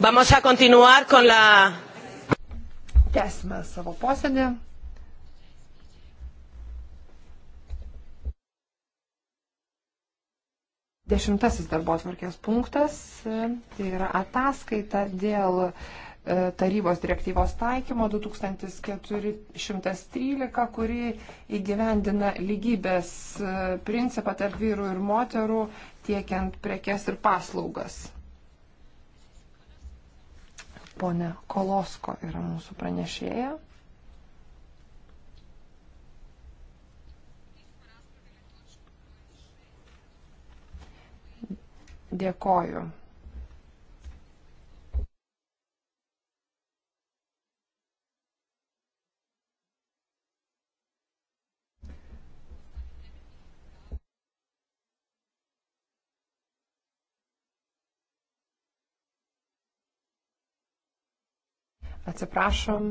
Vamos a continuar con la. Tęsime savo posėdį. Dešimtasis darbo atvarkės punktas e, tai yra ataskaita dėl e, tarybos direktyvos taikymo 2413, kuri įgyvendina lygybės e, principą tarp vyrų ir moterų tiekiant prekes ir paslaugas. Pone Kolosko yra mūsų pranešėja. Dėkoju Atsiprašom,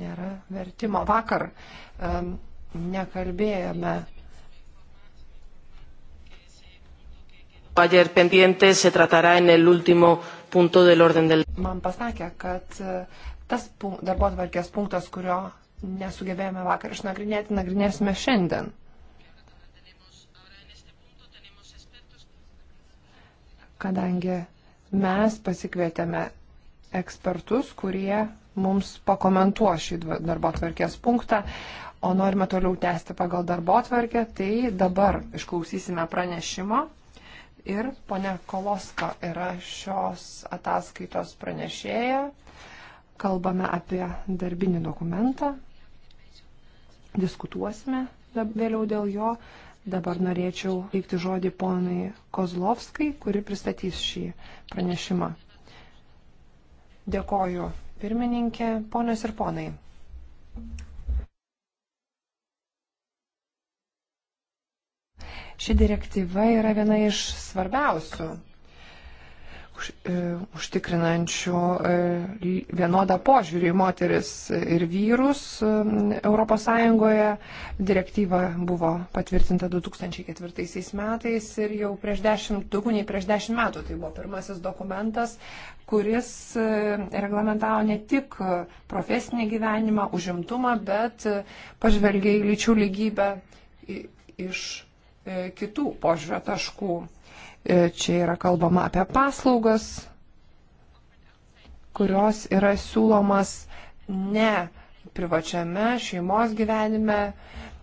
nėra vertimo. Vakar um, nekalbėjome. Ayer pendiente se tratará en el último punto del orden del. Man pasakė, kad e, tas darbo atvarkės punktas, kurio nesugebėjome vakar išnagrinėti, nagrinėsime šiandien. Kadangi mes pasikvietėme ekspertus, kurie mums pakomentuos šį darbo tvarkės punktą. O norime toliau tęsti pagal darbo tvarkę, tai dabar išklausysime pranešimo. Ir ponia Koloska yra šios ataskaitos pranešėja. Kalbame apie darbinį dokumentą. Diskutuosime vėliau dėl jo. Dabar norėčiau teikti žodį ponai Kozlovskai, kuri pristatys šį pranešimą. Dėkoju, pirmininkė, ponios ir ponai. Ši direktyva yra viena iš svarbiausių E, užtikrinančių e, vienodą požiūrį į moteris ir vyrus ES. Direktyva buvo patvirtinta 2004 metais ir jau prieš dešimt, daugiau nei prieš dešimt metų tai buvo pirmasis dokumentas, kuris e, reglamentavo ne tik profesinį gyvenimą, užimtumą, bet pažvelgiai lyčių lygybę iš kitų požiūrio taškų. E, čia yra kalbama apie paslaugas, kurios yra siūlomas ne privačiame šeimos gyvenime.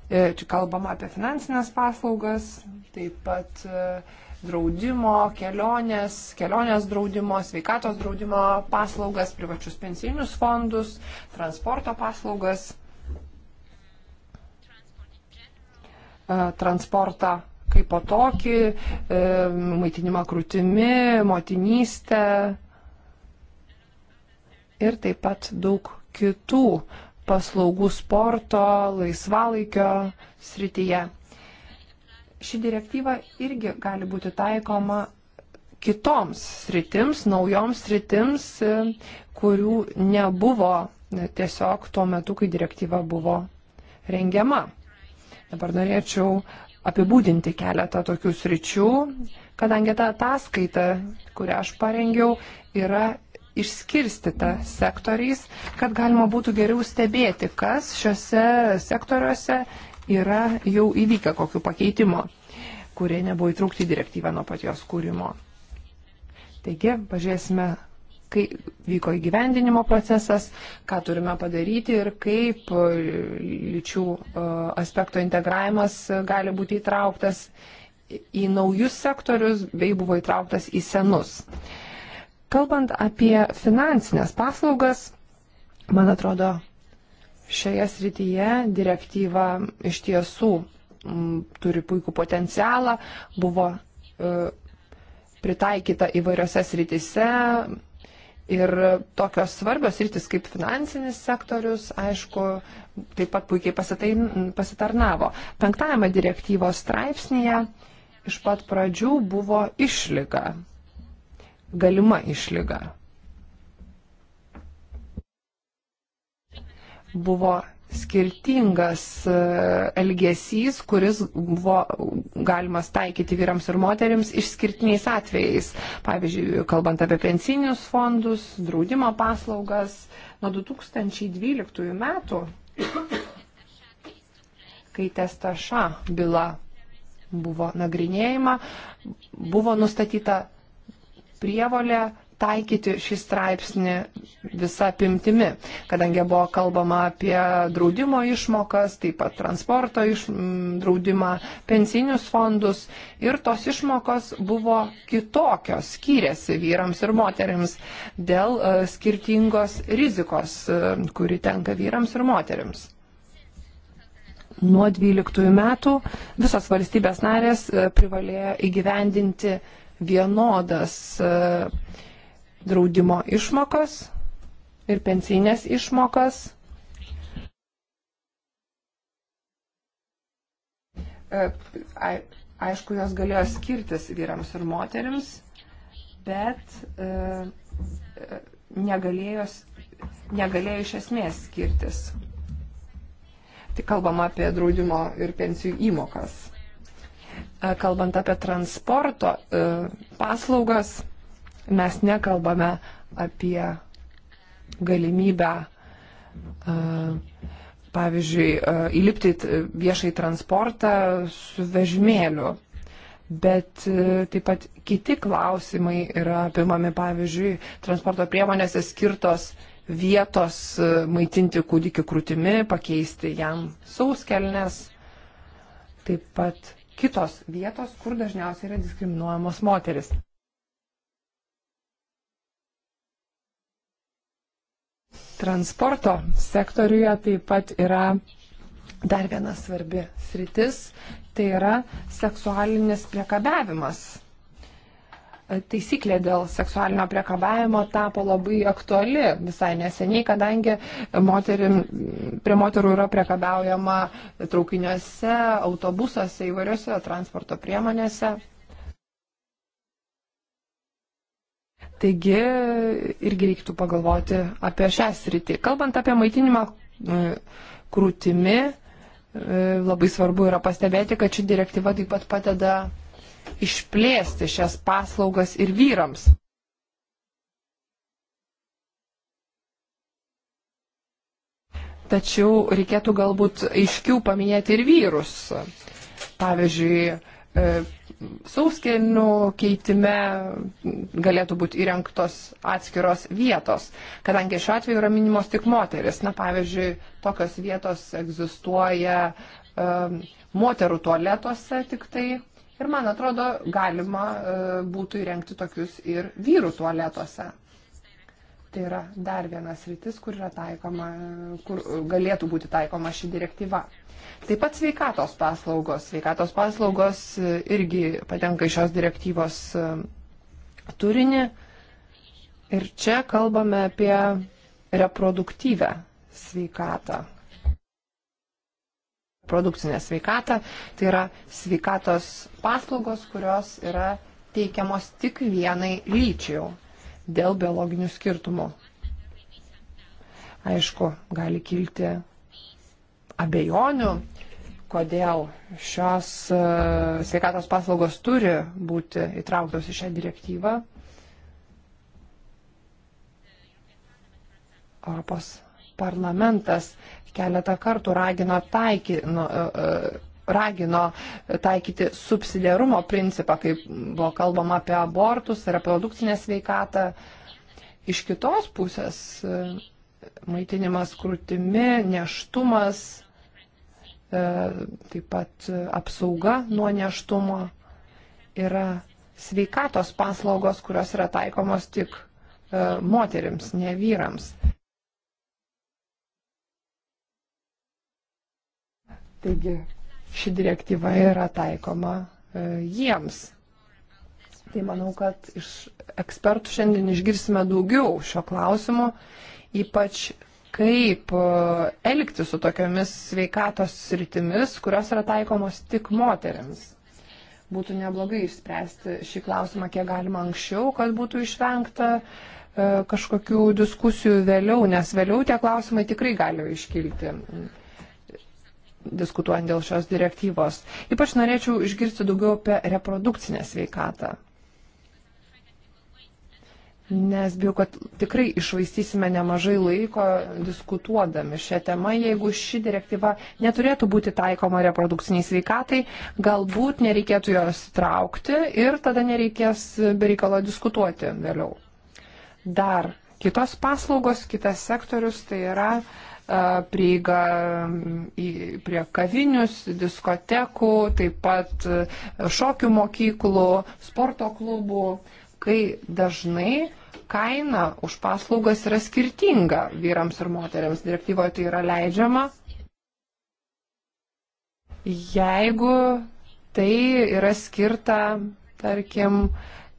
E, čia kalbama apie finansinės paslaugas, taip pat e, draudimo, kelionės, kelionės draudimo, sveikatos draudimo paslaugas, privačius pensinius fondus, transporto paslaugas, transportą kaip po tokį, e, maitinimą krūtimi, motinystę ir taip pat daug kitų paslaugų sporto, laisvalaikio srityje. Ši direktyva irgi gali būti taikoma kitoms sritims, naujoms sritims, e, kurių nebuvo tiesiog tuo metu, kai direktyva buvo rengiama. Dabar norėčiau apibūdinti keletą tokių sričių, kadangi ta ataskaita, kurią aš parengiau, yra išskirstita sektoriais, kad galima būtų geriau stebėti, kas šiuose sektoriuose yra jau įvykę kokiu pakeitimu, kurie nebuvo įtraukti į direktyvą nuo pat jos kūrimo. Taigi, pažiūrėsime, kai vyko įgyvendinimo procesas, ką turime padaryti ir kaip e, lyčių e, aspekto integravimas gali būti įtrauktas į naujus sektorius bei buvo įtrauktas į senus. Kalbant apie finansinės paslaugas, man atrodo, šioje srityje direktyva iš tiesų m, turi puikų potencialą, buvo e, pritaikyta įvairiose srityse, Ir tokios svarbios rytis kaip finansinis sektorius, aišku, taip pat puikiai pasitai, pasitarnavo. Penktajame direktyvos straipsnėje iš pat pradžių buvo išlyga, galima išlyga. Buvo skirtingas e, elgesys, kuris buvo galimas taikyti vyrams ir moteriams išskirtiniais atvejais. Pavyzdžiui, kalbant apie pensinius fondus, draudimo paslaugas, nuo 2012 metų, kai testaša byla buvo nagrinėjama, buvo nustatyta prievolė taikyti šį straipsnį visą apimtimi, kadangi buvo kalbama apie draudimo išmokas, taip pat transporto iš, draudimą, pensinius fondus ir tos išmokos buvo kitokios, skyrėsi vyrams ir moteriams dėl e, skirtingos rizikos, e, kuri tenka vyrams ir moteriams nuo 12 metų visos valstybės narės e, privalėjo įgyvendinti vienodas draudimo išmokas ir pensinės išmokas. E, aišku, jos galėjo skirtis vyrams ir moteriams, bet e, e, negalėjo, negalėjo iš esmės skirtis. Tai kalbama apie draudimo ir pensijų įmokas. Kalbant apie transporto paslaugas, Mes nekalbame apie galimybę, e, pavyzdžiui, e, įlipti viešai transportą su vežimėliu. Bet e, taip pat kiti klausimai yra apimami, pavyzdžiui, transporto priemonėse skirtos vietos maitinti kūdikį krūtimi, pakeisti jam sauskelnes, taip pat kitos vietos, kur dažniausiai yra diskriminuojamos moteris. Transporto sektoriuje taip pat yra dar viena svarbi sritis - tai yra seksualinis priekabiavimas. Taisyklė dėl seksualinio priekabiavimo tapo labai aktuali visai neseniai, kadangi moterim, prie moterų yra priekabiaujama traukiniuose, autobusuose, įvairiuose transporto priemonėse. Taigi irgi reiktų pagalvoti apie šią sritį. Kalbant apie maitinimą e, krūtimi, e, labai svarbu yra pastebėti, kad ši direktyva taip pat padeda išplėsti šias paslaugas ir vyrams. Tačiau reikėtų galbūt aiškiau paminėti ir vyrus. Pavyzdžiui, e, sauskelnių keitime galėtų būti įrengtos atskiros vietos, kadangi šiuo atveju yra minimos tik moteris. Na, pavyzdžiui, tokios vietos egzistuoja um, moterų tualetuose tik tai. Ir man atrodo, galima uh, būtų įrengti tokius ir vyrų tualetuose. Tai yra dar vienas rytis, kur, taikoma, kur galėtų būti taikoma ši direktyva. Taip pat sveikatos paslaugos. Sveikatos paslaugos e, irgi patenka į šios direktyvos e, turinį. Ir čia kalbame apie reproduktyvę sveikatą. Produkcinę sveikatą tai yra sveikatos paslaugos, kurios yra teikiamos tik vienai lyčiai dėl biologinių skirtumų. Aišku, gali kilti abejonių, kodėl šios e, sveikatos paslaugos turi būti įtrauktos į šią direktyvą. Europos parlamentas keletą kartų ragino taiky, nu, e, e, ragino taikyti subsidiarumo principą, kai buvo kalbama apie abortus, reprodukcinę sveikatą. Iš kitos pusės maitinimas krūtimi, neštumas, e, taip pat apsauga nuo neštumo yra sveikatos paslaugos, kurios yra taikomos tik e, moteriams, ne vyrams. Taigi, ši direktyva yra taikoma e, jiems. Tai manau, kad iš ekspertų šiandien išgirsime daugiau šio klausimu, ypač kaip e, elgti su tokiamis sveikatos sritimis, kurios yra taikomos tik moteriams. Būtų neblogai išspręsti šį klausimą kiek galima anksčiau, kad būtų išvengta e, kažkokių diskusijų vėliau, nes vėliau tie klausimai tikrai gali iškilti diskutuojant dėl šios direktyvos. Ypač norėčiau išgirsti daugiau apie reprodukcinę sveikatą. Nes bijau, kad tikrai išvaistysime nemažai laiko diskutuodami šią temą, jeigu ši direktyva neturėtų būti taikoma reprodukciniai sveikatai, galbūt nereikėtų jos traukti ir tada nereikės bereikalo diskutuoti vėliau. Dar kitos paslaugos, kitas sektorius, tai yra uh, prieiga prie kavinius, diskotekų, taip pat šokių mokyklų, sporto klubų, kai dažnai kaina už paslaugas yra skirtinga vyrams ir moteriams. Direktyvoje tai yra leidžiama. Jeigu tai yra skirta, tarkim,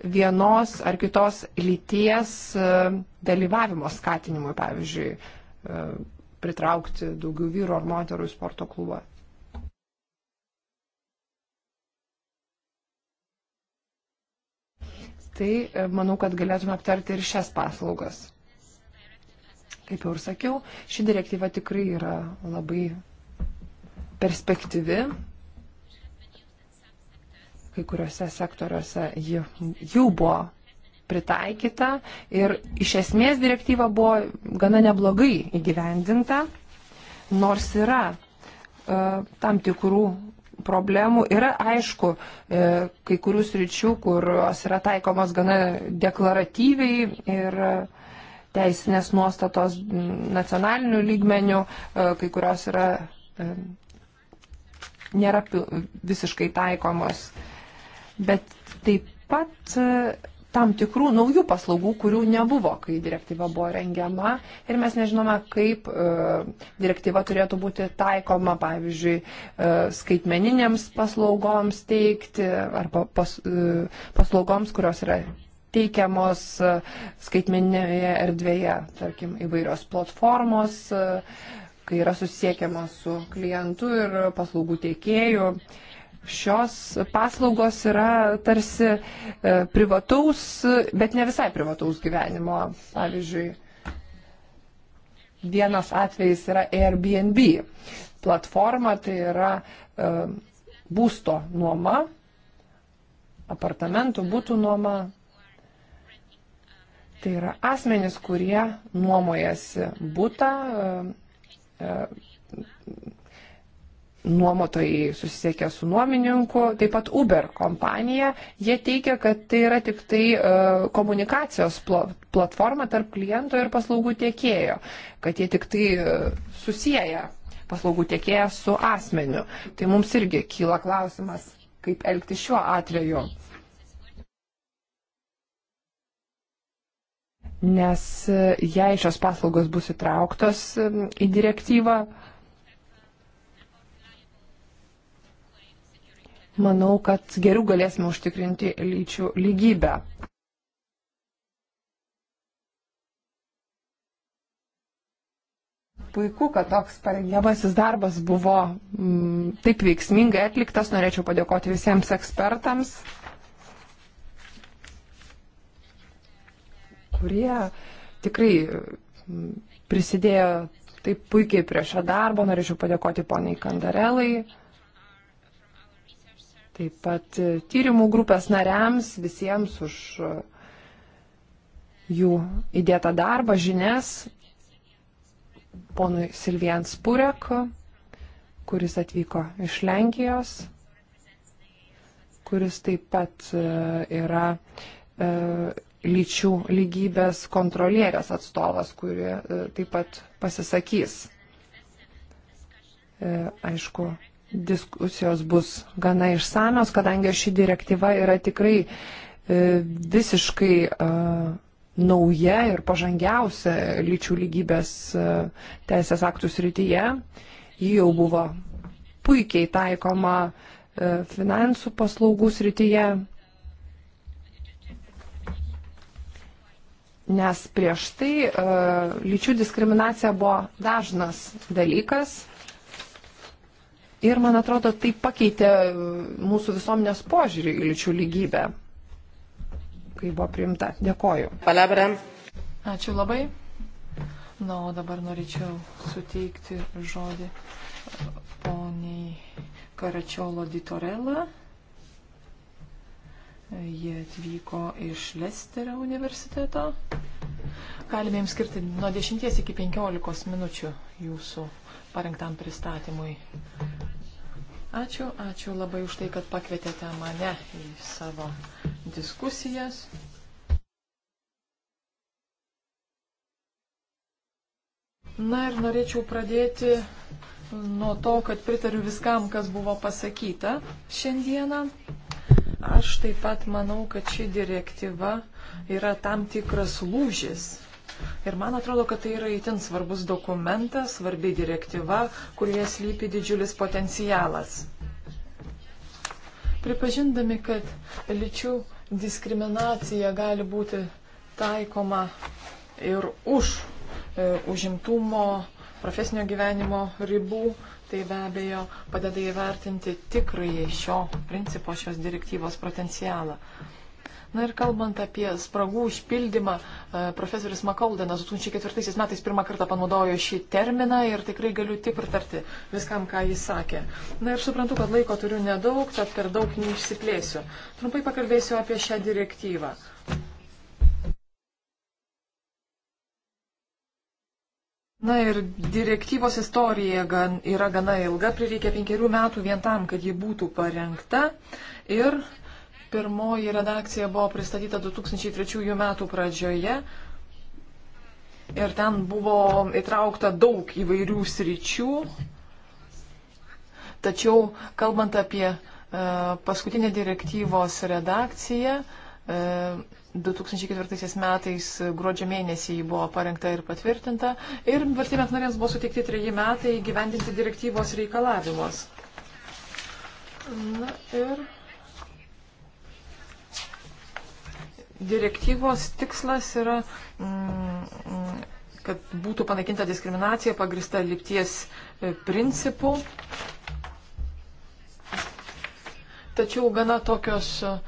vienos ar kitos lyties dalyvavimo skatinimui, pavyzdžiui, pritraukti daugiau vyrų ar moterų į sporto klubą. Tai e, manau, kad galėtume aptarti ir šias paslaugas. Kaip jau ir sakiau, ši direktyva tikrai yra labai perspektyvi. Kai kuriuose sektoriuose ji jau buvo pritaikyta ir iš esmės direktyva buvo gana neblogai įgyvendinta, nors yra e, tam tikrų problemų. Yra aišku, e, kai kurių sričių, kurios yra taikomos gana deklaratyviai ir teisinės nuostatos nacionalinių lygmenių, e, kai kurios yra nėra visiškai taikomos. Bet taip pat tam tikrų naujų paslaugų, kurių nebuvo, kai direktyva buvo rengiama ir mes nežinome, kaip e, direktyva turėtų būti taikoma, pavyzdžiui, e, skaitmeninėms paslaugoms teikti arba pas, e, paslaugoms, kurios yra teikiamos skaitmeninėje erdvėje, tarkim, įvairios platformos, kai yra susiekiama su klientu ir paslaugų teikėju. Uh, šios paslaugos yra tarsi e, privataus, bet ne visai privataus gyvenimo. Pavyzdžiui, vienas atvejis yra Airbnb platforma, tai yra e, būsto nuoma, apartamentų būtų nuoma. Tai yra asmenys, kurie nuomojasi būtą e, nuomotojai susisiekė su nuomininku, taip pat Uber kompanija, jie teigia, kad tai yra tik tai e, komunikacijos platforma tarp kliento ir paslaugų tiekėjo, kad jie tik tai e, susiję paslaugų tiekėją su asmeniu. Tai mums irgi kyla klausimas, kaip elgti šiuo atveju. Nes e, jei šios paslaugos bus įtrauktos į direktyvą, manau, kad geriau galėsime užtikrinti lyčių lygybę. puiku, kad toks parengiamasis darbas buvo m, mm, taip veiksmingai atliktas. Norėčiau padėkoti visiems ekspertams, kurie tikrai m, mm, prisidėjo taip puikiai prie šio darbo. Norėčiau padėkoti poniai Kandarelai taip pat e, tyrimų grupės nariams, visiems už e, jų įdėtą darbą, žinias, ponui Silvijan Spurek, kuris atvyko iš Lenkijos, kuris taip pat e, yra lyčių lygybės kontrolierės atstovas, kuri taip pat pasisakys. Aišku, diskusijos bus gana išsamios, kadangi ši direktyva yra tikrai e, visiškai e, nauja ir pažangiausia lyčių lygybės e, teisės aktų srityje. Ji jau buvo puikiai taikoma finansų paslaugų srityje, nes prieš tai lyčių diskriminacija buvo dažnas dalykas Ir, man atrodo, tai pakeitė mūsų visuomenės požiūrį į lyčių lygybę, kai buvo priimta. Dėkoju. Palabra. Ačiū labai. Na, o dabar norėčiau suteikti žodį poniai Karačiolo Ditorella. Jie atvyko iš Lesterio universiteto. Galime jums skirti nuo 10 iki 15 minučių jūsų parengtam pristatymui. Ačiū, ačiū labai už tai, kad pakvietėte mane į savo diskusijas. Na ir norėčiau pradėti nuo to, kad pritariu viskam, kas buvo pasakyta šiandieną. Aš taip pat manau, kad ši direktyva yra tam tikras lūžis Ir man atrodo, kad tai yra įtin svarbus dokumentas, svarbi direktyva, kurioje slypi didžiulis potencialas. Pripažindami, kad lyčių diskriminacija gali būti taikoma ir už e, užimtumo, profesinio gyvenimo ribų, tai be abejo padeda įvertinti tikrąjį šio principo, šios direktyvos potencialą. Na ir kalbant apie spragų užpildymą, e, profesorius Makaldenas 2004 metais pirmą kartą panaudojo šį terminą ir tikrai galiu tik pritarti viskam, ką jis sakė. Na ir suprantu, kad laiko turiu nedaug, tad per daug neišsiplėsiu. Trumpai pakalbėsiu apie šią direktyvą. Na ir direktyvos istorija gan, yra gana ilga, prireikė penkerių metų vien tam, kad ji būtų parengta. Ir uh, Pirmoji redakcija buvo pristatyta 2003 metų pradžioje ir ten buvo įtraukta daug įvairių sričių. Tačiau, kalbant apie e, paskutinę direktyvos redakciją, e, 2004 metais gruodžio mėnesį jį buvo parengta ir patvirtinta ir valstybės narės buvo suteikti treji metai gyvendinti direktyvos reikalavimus. Na ir direktyvos tikslas yra, mm, mm, kad būtų panaikinta diskriminacija pagrista lipties e, principu. Tačiau gana tokios e,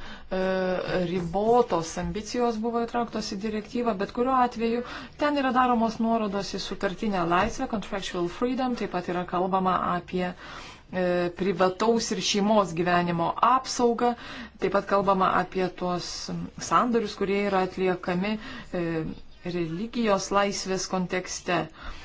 ribotos ambicijos buvo įtrauktos į direktyvą, bet kuriuo atveju ten yra daromos nuorodos į sutartinę laisvę, contractual freedom, taip pat yra kalbama apie uh, E, privataus ir šeimos gyvenimo apsaugą. Taip pat kalbama apie tuos sandorius, kurie yra atliekami e, religijos laisvės kontekste. E,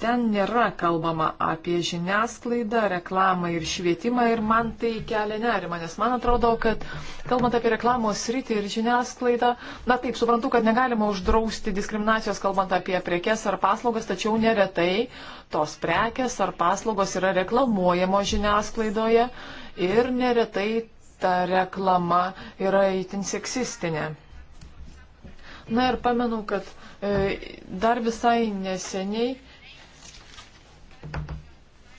Ten nėra kalbama apie žiniasklaidą, reklamą ir švietimą ir man tai kelia nerima, nes man atrodo, kad kalbant apie reklamos rytį ir žiniasklaidą, na taip, suprantu, kad negalima uždrausti diskriminacijos kalbant apie prekes ar paslaugas, tačiau neretai tos prekes ar paslaugos yra reklamuojamo žiniasklaidoje ir neretai ta reklama yra itin seksistinė. Na ir pamenu, kad e, dar visai neseniai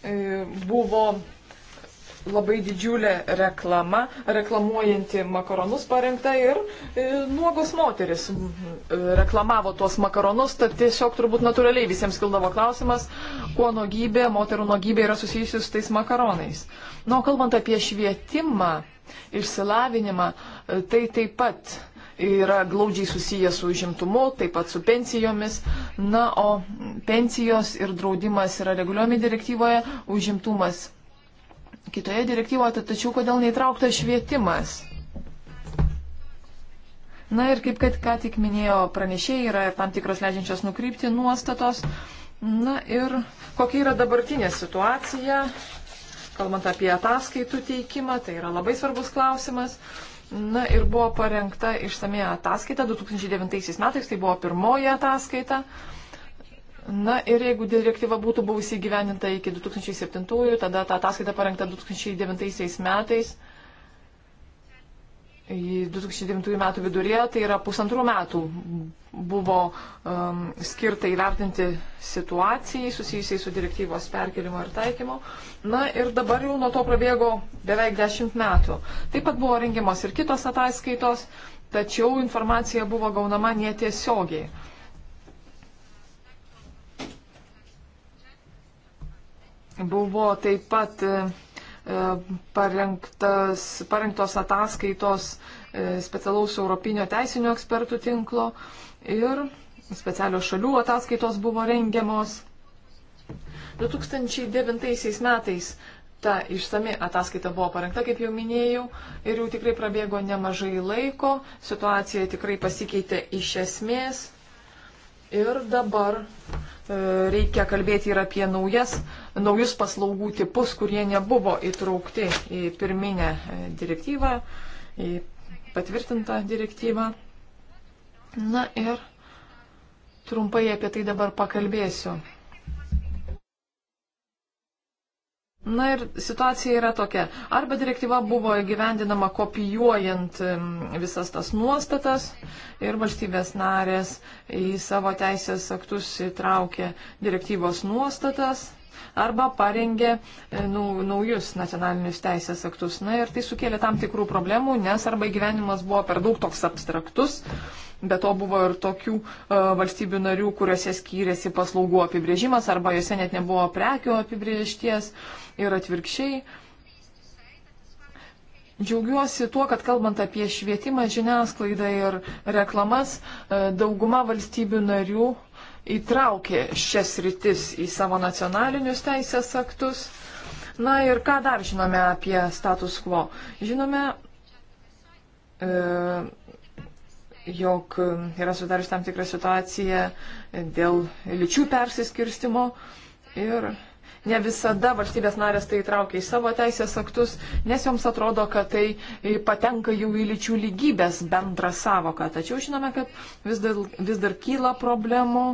E, buvo labai didžiulė reklama, reklamuojanti makaronus parengta ir e, nuogos moteris e, reklamavo tuos makaronus, tad tiesiog turbūt natūraliai visiems kildavo klausimas, kuo nuogybė, moterų nuogybė yra susijusi su tais makaronais. Na, nu, kalbant apie švietimą, išsilavinimą, tai taip pat yra glaudžiai susijęs su užimtumu, taip pat su pensijomis. Na, o pensijos ir draudimas yra reguliuojami direktyvoje, užimtumas kitoje direktyvoje, tačiau kodėl neįtrauktas švietimas? Na ir kaip kad ką tik minėjo pranešėjai, yra ir tam tikros leidžiančios nukrypti nuostatos. Na ir kokia yra dabartinė situacija, kalbant apie ataskaitų teikimą, tai yra labai svarbus klausimas. Na ir buvo parengta išsami ataskaita 2009 metais, tai buvo pirmoji ataskaita. Na ir jeigu direktyva būtų buvusi įgyveninta iki 2007, tada ta ataskaita parengta 2009 metais, 2009 metų viduryje, tai yra pusantrų metų buvo um, skirta įvertinti situacijai susijusiai su direktyvos perkelimo ir taikymo. Na ir dabar jau nuo to prabėgo beveik dešimt metų. Taip pat buvo rengiamos ir kitos ataskaitos, tačiau informacija buvo gaunama netiesiogiai. Buvo taip pat. Uh, E, parengtas, parengtos ataskaitos e, specialaus europinio teisinio ekspertų tinklo ir specialios šalių ataskaitos buvo rengiamos. 2009 metais ta išsami ataskaita buvo parengta, kaip jau minėjau, ir jau tikrai prabėgo nemažai laiko, situacija tikrai pasikeitė iš esmės ir dabar E, reikia kalbėti ir apie naujas, naujus paslaugų tipus, kurie nebuvo įtraukti į pirminę e, direktyvą, į patvirtintą direktyvą. Na ir trumpai apie tai dabar pakalbėsiu. Na ir situacija yra tokia. Arba direktyva buvo įgyvendinama kopijuojant visas tas nuostatas ir valstybės narės į savo teisės aktus įtraukė direktyvos nuostatas arba parengė nu, naujus nacionalinius teisės aktus. Na ir tai sukėlė tam tikrų problemų, nes arba gyvenimas buvo per daug toks abstraktus, bet to buvo ir tokių uh, valstybių narių, kuriuose skyrėsi paslaugų apibrėžimas, arba juose net nebuvo prekių apibrėžties ir atvirkščiai. Džiaugiuosi tuo, kad kalbant apie švietimą, žiniasklaidą ir reklamas, e, dauguma valstybių narių įtraukė šias rytis į savo nacionalinius teisės aktus. Na ir ką dar žinome apie status quo? Žinome, e, jog yra sudarius tam tikrą situaciją dėl lyčių persiskirstimo ir ne visada valstybės narės tai įtraukia į savo teisės aktus, nes joms atrodo, kad tai patenka jau į lyčių lygybės bendrą savoką. Tačiau žinome, kad vis dar, vis dar kyla problemų.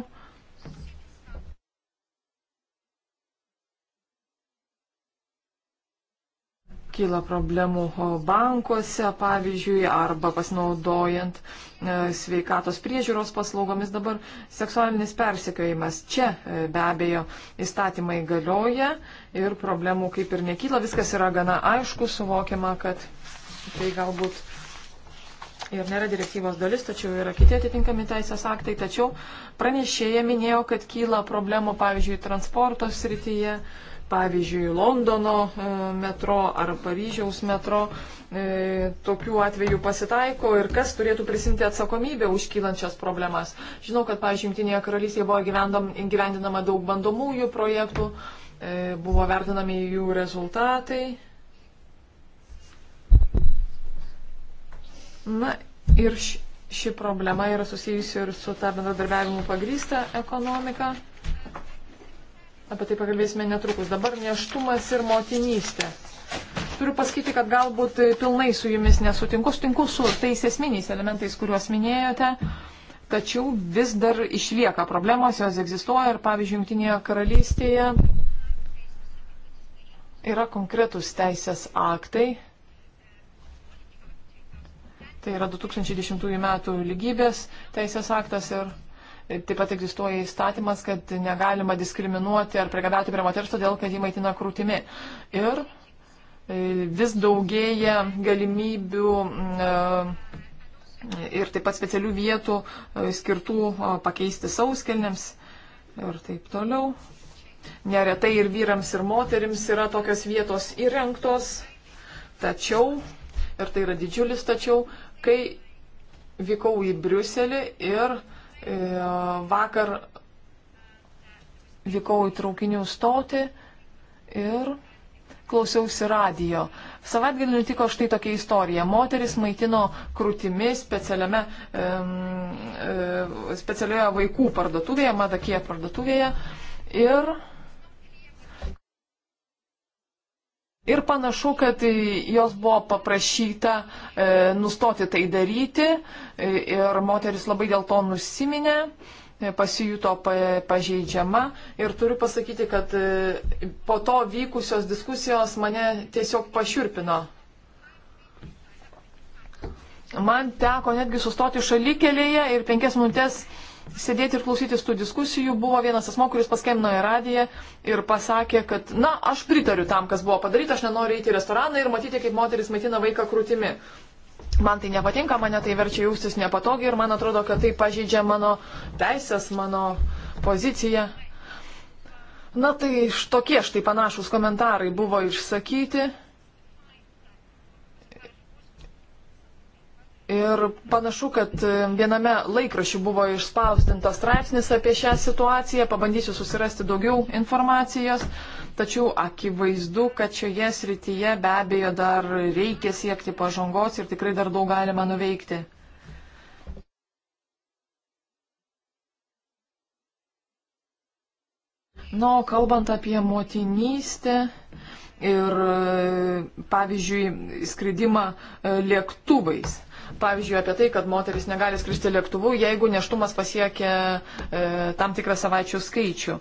kyla problemų bankuose, pavyzdžiui, arba pasinaudojant e, sveikatos priežiūros paslaugomis. Dabar seksualinis persekiojimas. Čia e, be abejo įstatymai galioja ir problemų kaip ir nekyla. Viskas yra gana aišku, suvokiama, kad tai galbūt ir nėra direktyvos dalis, tačiau yra kiti atitinkami teisės aktai. Tačiau pranešėja minėjo, kad kyla problemų, pavyzdžiui, transporto srityje, pavyzdžiui, Londono e, metro ar Paryžiaus metro. E, tokių atvejų pasitaiko ir kas turėtų prisimti atsakomybę užkylančias problemas. Žinau, kad, pavyzdžiui, Junktinėje karalystėje buvo gyvendinama daug bandomųjų projektų, e, buvo vertinami jų rezultatai. Na ir ši problema yra susijusi ir su ta bendradarbiavimu pagrįsta ekonomika. Apie tai pakalbėsime netrukus. Dabar neštumas ir motinystė. Turiu pasakyti, kad galbūt pilnai su jumis nesutinku, sutinku su tais esminiais elementais, kuriuos minėjote, tačiau vis dar išlieka problemos, jos egzistuoja ir pavyzdžiui, Junktinėje karalystėje yra konkretus teisės aktai. Tai yra 2010 m. lygybės teisės aktas ir Taip pat egzistuoja įstatymas, kad negalima diskriminuoti ar priegabėti prie moters, todėl kad jį maitina krūtimi. Ir e, vis daugėja galimybių mm, e, ir taip pat specialių vietų e, skirtų pakeisti sauskelniams ir taip toliau. Neretai ir vyrams, ir moterims yra tokios vietos įrengtos, tačiau, ir tai yra didžiulis tačiau, kai vykau į Briuselį ir uh, Vakar vykau į traukinių stotį ir klausiausi radijo. Savaitgalį nutiko štai tokia istorija. Moteris maitino krūtimis specialiame, um, specialioje vaikų parduotuvėje, Madakėje parduotuvėje. Ir Ir panašu, kad jos buvo paprašyta e, nustoti tai daryti e, ir moteris labai dėl to nusiminė, e, pasijuto pa, pažeidžiama. Ir turiu pasakyti, kad e, po to vykusios diskusijos mane tiesiog pašiurpino. Man teko netgi sustoti šalykelėje ir penkias minutės e, sėdėti ir klausytis tų diskusijų, buvo vienas asmo, kuris paskambino į radiją ir pasakė, kad, na, aš pritariu tam, kas buvo padaryta, aš nenoriu eiti į restoraną ir matyti, kaip moteris maitina vaiką krūtimi. Man tai nepatinka, mane tai verčia jaustis nepatogiai ir man atrodo, kad tai pažeidžia mano teisės, mano poziciją. Na tai štokie štai panašus komentarai buvo išsakyti. Ir panašu, kad e, viename laikrašiu buvo išspausdintas straipsnis apie šią situaciją, pabandysiu susirasti daugiau informacijos, tačiau akivaizdu, kad šioje srityje be abejo dar reikia siekti pažangos ir tikrai dar daug galima nuveikti. Na, o kalbant apie motinystę ir, e, pavyzdžiui, skridimą e, lėktuvais pavyzdžiui, apie tai, kad moteris negali skristi lėktuvu, jeigu neštumas pasiekia e, tam tikrą savaičių skaičių.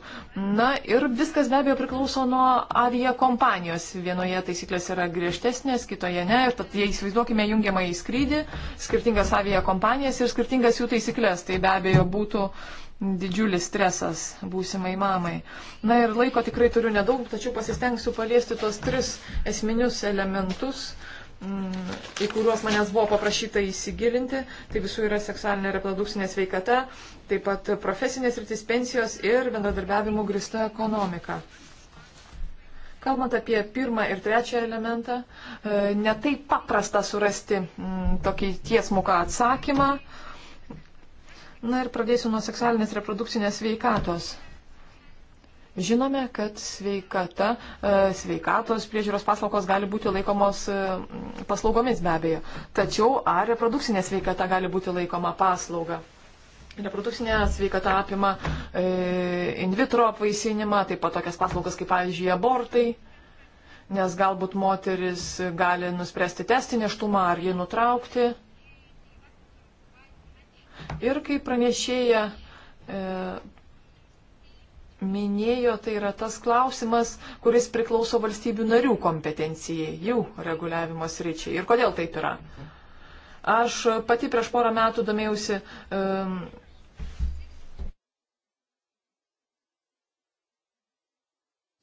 Na ir viskas be abejo priklauso nuo avia kompanijos. Vienoje taisyklės yra griežtesnės, kitoje ne. Ir tad jei įsivaizduokime jungiamą į skrydį, skirtingas avia kompanijas ir skirtingas jų taisyklės, tai be abejo būtų didžiulis stresas būsimai mamai. Na ir laiko tikrai turiu nedaug, tačiau pasistengsiu paliesti tos tris esminius elementus, Mm, į kuriuos manęs buvo paprašyta įsigilinti. Tai visų yra seksualinė reprodukcinė sveikata, taip pat profesinės rytis pensijos ir bendradarbiavimo grista ekonomika. Kalbant apie pirmą ir trečią elementą, e, netai paprasta surasti mm, tokį tiesmuką atsakymą. Na ir pradėsiu nuo seksualinės reprodukcinės veikatos. Žinome, kad sveikata, e, sveikatos priežiūros paslaugos gali būti laikomos e, paslaugomis be abejo. Tačiau ar reprodukcinė sveikata gali būti laikoma paslauga? Reprodukcinė sveikata apima e, in vitro apvaisinimą, taip pat tokias paslaugas kaip, pavyzdžiui, abortai, nes galbūt moteris gali nuspręsti testi neštumą ar jį nutraukti. Ir kaip pranešėja e, minėjo, tai yra tas klausimas, kuris priklauso valstybių narių kompetencijai, jų reguliavimo sričiai. Ir kodėl taip yra? Aš pati prieš porą metų domėjausi. Um,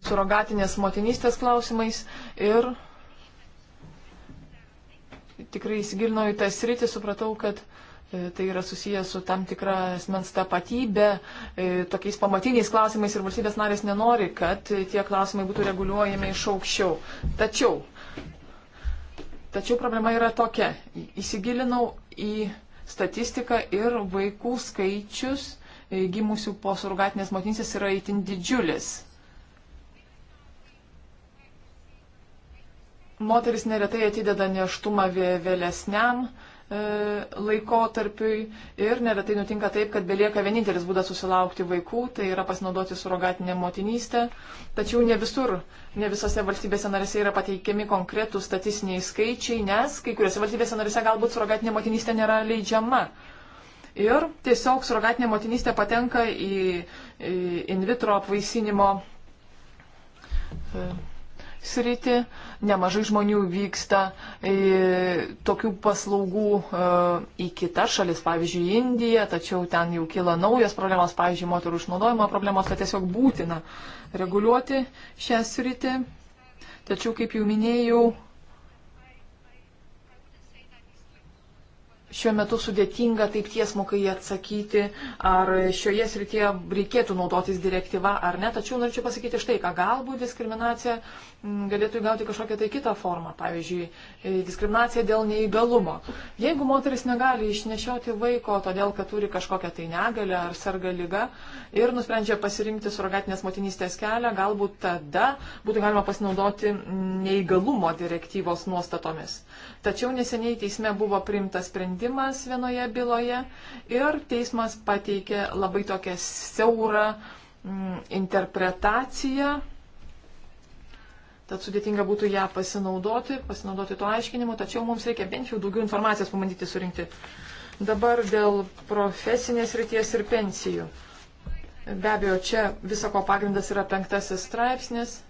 surogatinės motinystės klausimais ir tikrai įsigilino į tą sritį, supratau, kad uh, E, tai yra susijęs su tam tikra asmens tapatybė, e, tokiais pamatiniais klausimais ir valstybės narės nenori, kad tie klausimai būtų reguliuojami iš aukščiau. Tačiau, tačiau problema yra tokia. Įsigilinau į statistiką ir vaikų skaičius e, gimusių po surgatinės motinysės yra itin didžiulis. Moteris neretai atideda neštumą vėlesniam. Vė E, laikotarpiui ir neretai nutinka taip, kad belieka vienintelis būdas susilaukti vaikų, tai yra pasinaudoti surogatinę motinystę. Tačiau ne visur, ne visose valstybėse narėse yra pateikiami konkretų statistiniai skaičiai, nes kai kuriuose valstybėse narėse galbūt surogatinė motinystė nėra leidžiama. Ir tiesiog surogatinė motinystė patenka į, į in vitro apvaisinimo. E, sritį. Nemažai žmonių vyksta į tokių paslaugų e, į kitas šalis, pavyzdžiui, Indiją, tačiau ten jau kyla naujos problemos, pavyzdžiui, moterų išnaudojimo problemos, kad tai tiesiog būtina reguliuoti šią sritį. Tačiau, kaip jau minėjau, šiuo metu sudėtinga taip tiesmukai atsakyti, ar šioje srityje reikėtų naudotis direktyva ar ne. Tačiau norėčiau pasakyti štai, ką galbūt diskriminacija mm, galėtų įgauti kažkokią tai kitą formą. Pavyzdžiui, e, diskriminacija dėl neįgalumo. Jeigu moteris negali išnešioti vaiko, todėl kad turi kažkokią tai negalę ar sarga lyga ir nusprendžia pasirinkti surogatinės motinystės kelią, galbūt tada būtų galima pasinaudoti mm, neįgalumo direktyvos nuostatomis. Tačiau neseniai teisme buvo priimtas sprendimas sprendimas vienoje byloje ir teismas pateikė labai tokią siaurą mm, interpretaciją. Tad sudėtinga būtų ją pasinaudoti, pasinaudoti to aiškinimu, tačiau mums reikia bent jau daugiau informacijos pamatyti surinkti. Dabar dėl profesinės ryties ir pensijų. Be abejo, čia visako pagrindas yra penktasis straipsnis.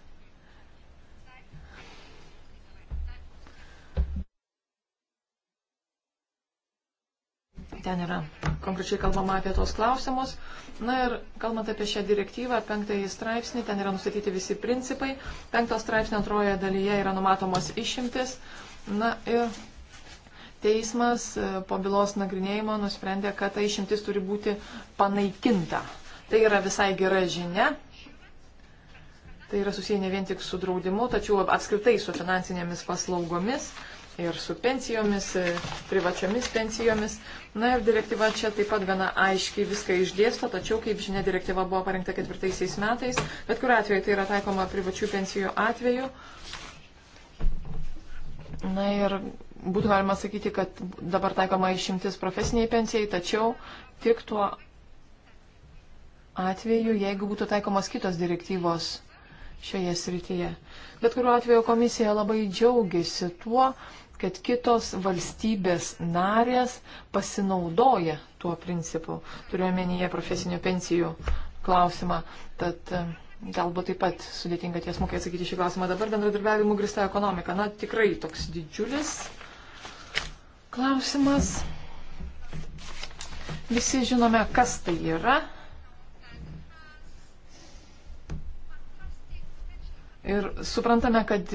Ten yra konkrečiai kalbama apie tos klausimus. Na ir kalbant apie šią direktyvą, penktąjį straipsnį, ten yra nustatyti visi principai. Penkto straipsnio antrojoje dalyje yra numatomos išimtis. Na ir teismas e, po bylos nagrinėjimo nusprendė, kad ta išimtis turi būti panaikinta. Tai yra visai gera žinia. Tai yra susiję ne vien tik su draudimu, tačiau apskritai su finansinėmis paslaugomis ir su pensijomis, e, privačiomis pensijomis. Na ir direktyva čia taip pat gana aiškiai viską išdėsto, tačiau, kaip žinia, direktyva buvo parengta ketvirtaisiais metais, bet kuriuo atveju tai yra taikoma privačių pensijų atveju. Na ir būtų galima sakyti, kad dabar taikoma išimtis profesiniai pensijai, tačiau tik tuo atveju, jeigu būtų taikomas kitos direktyvos šioje srityje. Bet kuriuo atveju komisija labai džiaugiasi tuo, kad kitos valstybės narės pasinaudoja tuo principu, turiuomenyje profesinių pensijų klausimą. Tad e, galbūt taip pat sudėtinga tiesmukai atsakyti šį klausimą. Dabar bendradarbiavimų grįsta ekonomika. Na, tikrai toks didžiulis klausimas. Visi žinome, kas tai yra. Ir suprantame, kad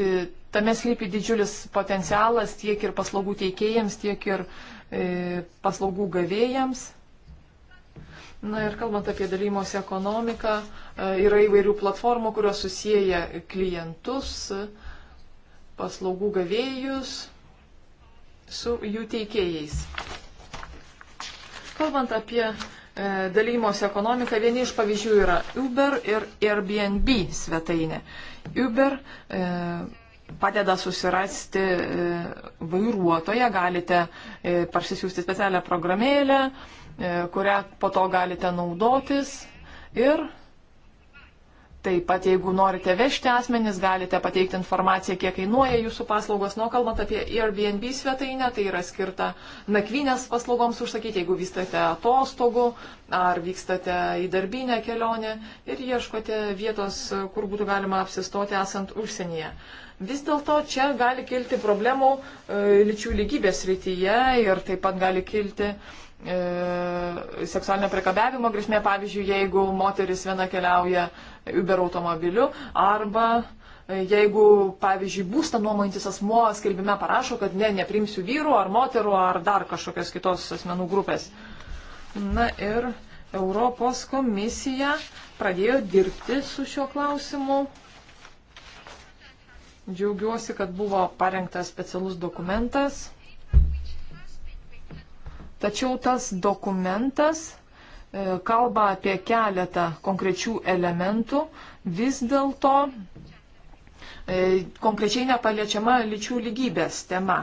Tame slypi didžiulis potencialas tiek ir paslaugų teikėjams, tiek ir e, paslaugų gavėjams. Na ir kalbant apie dalymosi ekonomiką, e, yra įvairių platformų, kurios susiję klientus, paslaugų gavėjus su jų teikėjais. Kalbant apie e, dalymosi ekonomiką, vieni iš pavyzdžių yra Uber ir Airbnb svetainė. Uber e, padeda susirasti e, vairuotoją, galite e, parsisiųsti specialią programėlę, e, kurią po to galite naudotis. Ir taip pat, jeigu norite vežti asmenis, galite pateikti informaciją, kiek kainuoja jūsų paslaugos. Nuo kalbant apie Airbnb svetainę, tai yra skirta nakvynės paslaugoms užsakyti, jeigu vystate atostogų ar vykstate į darbinę kelionę ir ieškote vietos, kur būtų galima apsistoti esant užsienyje. Uh, Vis dėlto čia gali kilti problemų e, lyčių lygybės rytyje ir taip pat gali kilti e, seksualinio priekabiavimo grėsmė, pavyzdžiui, jeigu moteris viena keliauja Uber automobiliu arba e, jeigu, pavyzdžiui, būstą nuomojantis asmuo skelbime parašo, kad ne, neprimsiu vyrų ar moterų ar dar kažkokios kitos asmenų grupės. Na ir Europos komisija pradėjo dirbti su šiuo klausimu. Džiaugiuosi, kad buvo parengtas specialus dokumentas. Tačiau tas dokumentas e, kalba apie keletą konkrečių elementų, vis dėlto e, konkrečiai nepaliečiama lyčių lygybės tema.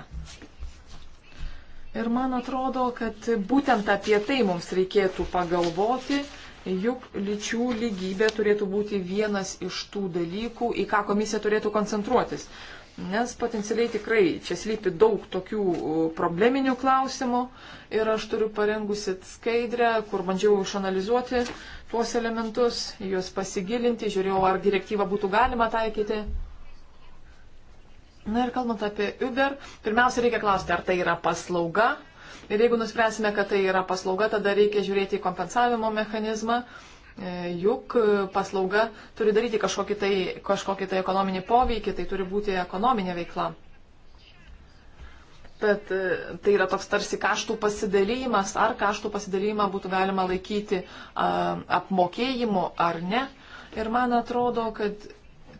Ir man atrodo, kad būtent apie tai mums reikėtų pagalvoti Juk lyčių lygybė turėtų būti vienas iš tų dalykų, į ką komisija turėtų koncentruotis. Nes potencialiai tikrai čia slypi daug tokių probleminių klausimų ir aš turiu parengusi skaidrę, kur bandžiau išanalizuoti tuos elementus, juos pasigilinti, žiūrėjau, ar direktyvą būtų galima taikyti. Na ir kalbant apie Uber, pirmiausia reikia klausti, ar tai yra paslauga, Ir jeigu nuspręsime, kad tai yra paslauga, tada reikia žiūrėti į kompensavimo mechanizmą. E, juk e, paslauga turi daryti kažkokį tai, kažkokį tai ekonominį poveikį, tai turi būti ekonominė veikla. Bet e, tai yra toks tarsi kaštų pasidalymas, ar kaštų pasidalymą būtų galima laikyti apmokėjimu ar ne. Ir man atrodo, kad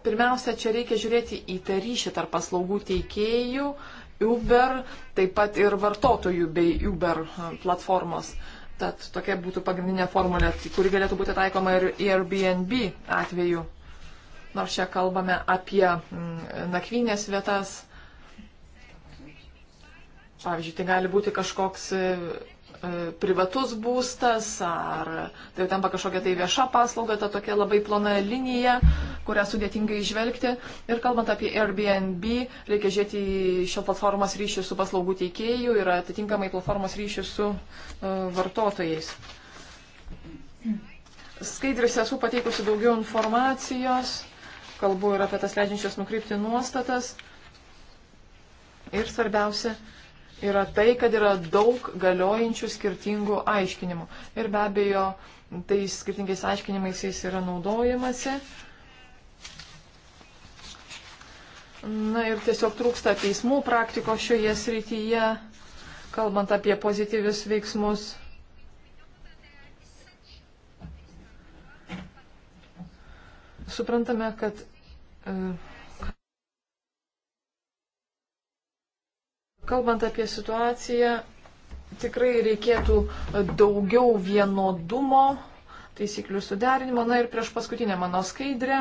pirmiausia, čia reikia žiūrėti į tą ryšį tarp paslaugų teikėjų, uh, Uber, taip pat ir vartotojų bei Uber e, platformos. Tad tokia būtų pagrindinė formulė, kuri galėtų būti taikoma ir Airbnb atveju. Nors čia kalbame apie mm, nakvynės vietas. Pavyzdžiui, tai gali būti kažkoks e, E, privatus būstas, ar tai tampa kažkokia tai vieša paslauga, ta tokia labai plona linija, kurią sudėtinga išvelgti. Ir kalbant apie Airbnb, reikia žiūrėti į šio platformos ryšį su paslaugų teikėju ir atitinkamai platformos ryšį su uh, vartotojais. Skaidrėse esu pateikusi daugiau informacijos, kalbu ir apie tas leidžiančias nukreipti nuostatas. Ir svarbiausia, yra tai, kad yra daug galiojančių skirtingų aiškinimų. Ir be abejo, tais skirtingais aiškinimais jais yra naudojamasi. Na ir tiesiog trūksta teismų praktikos šioje srityje, kalbant apie pozityvius veiksmus. Suprantame, kad e, Kalbant apie situaciją, tikrai reikėtų daugiau vienodumo, taisyklių suderinimo. Na ir prieš paskutinę mano skaidrę.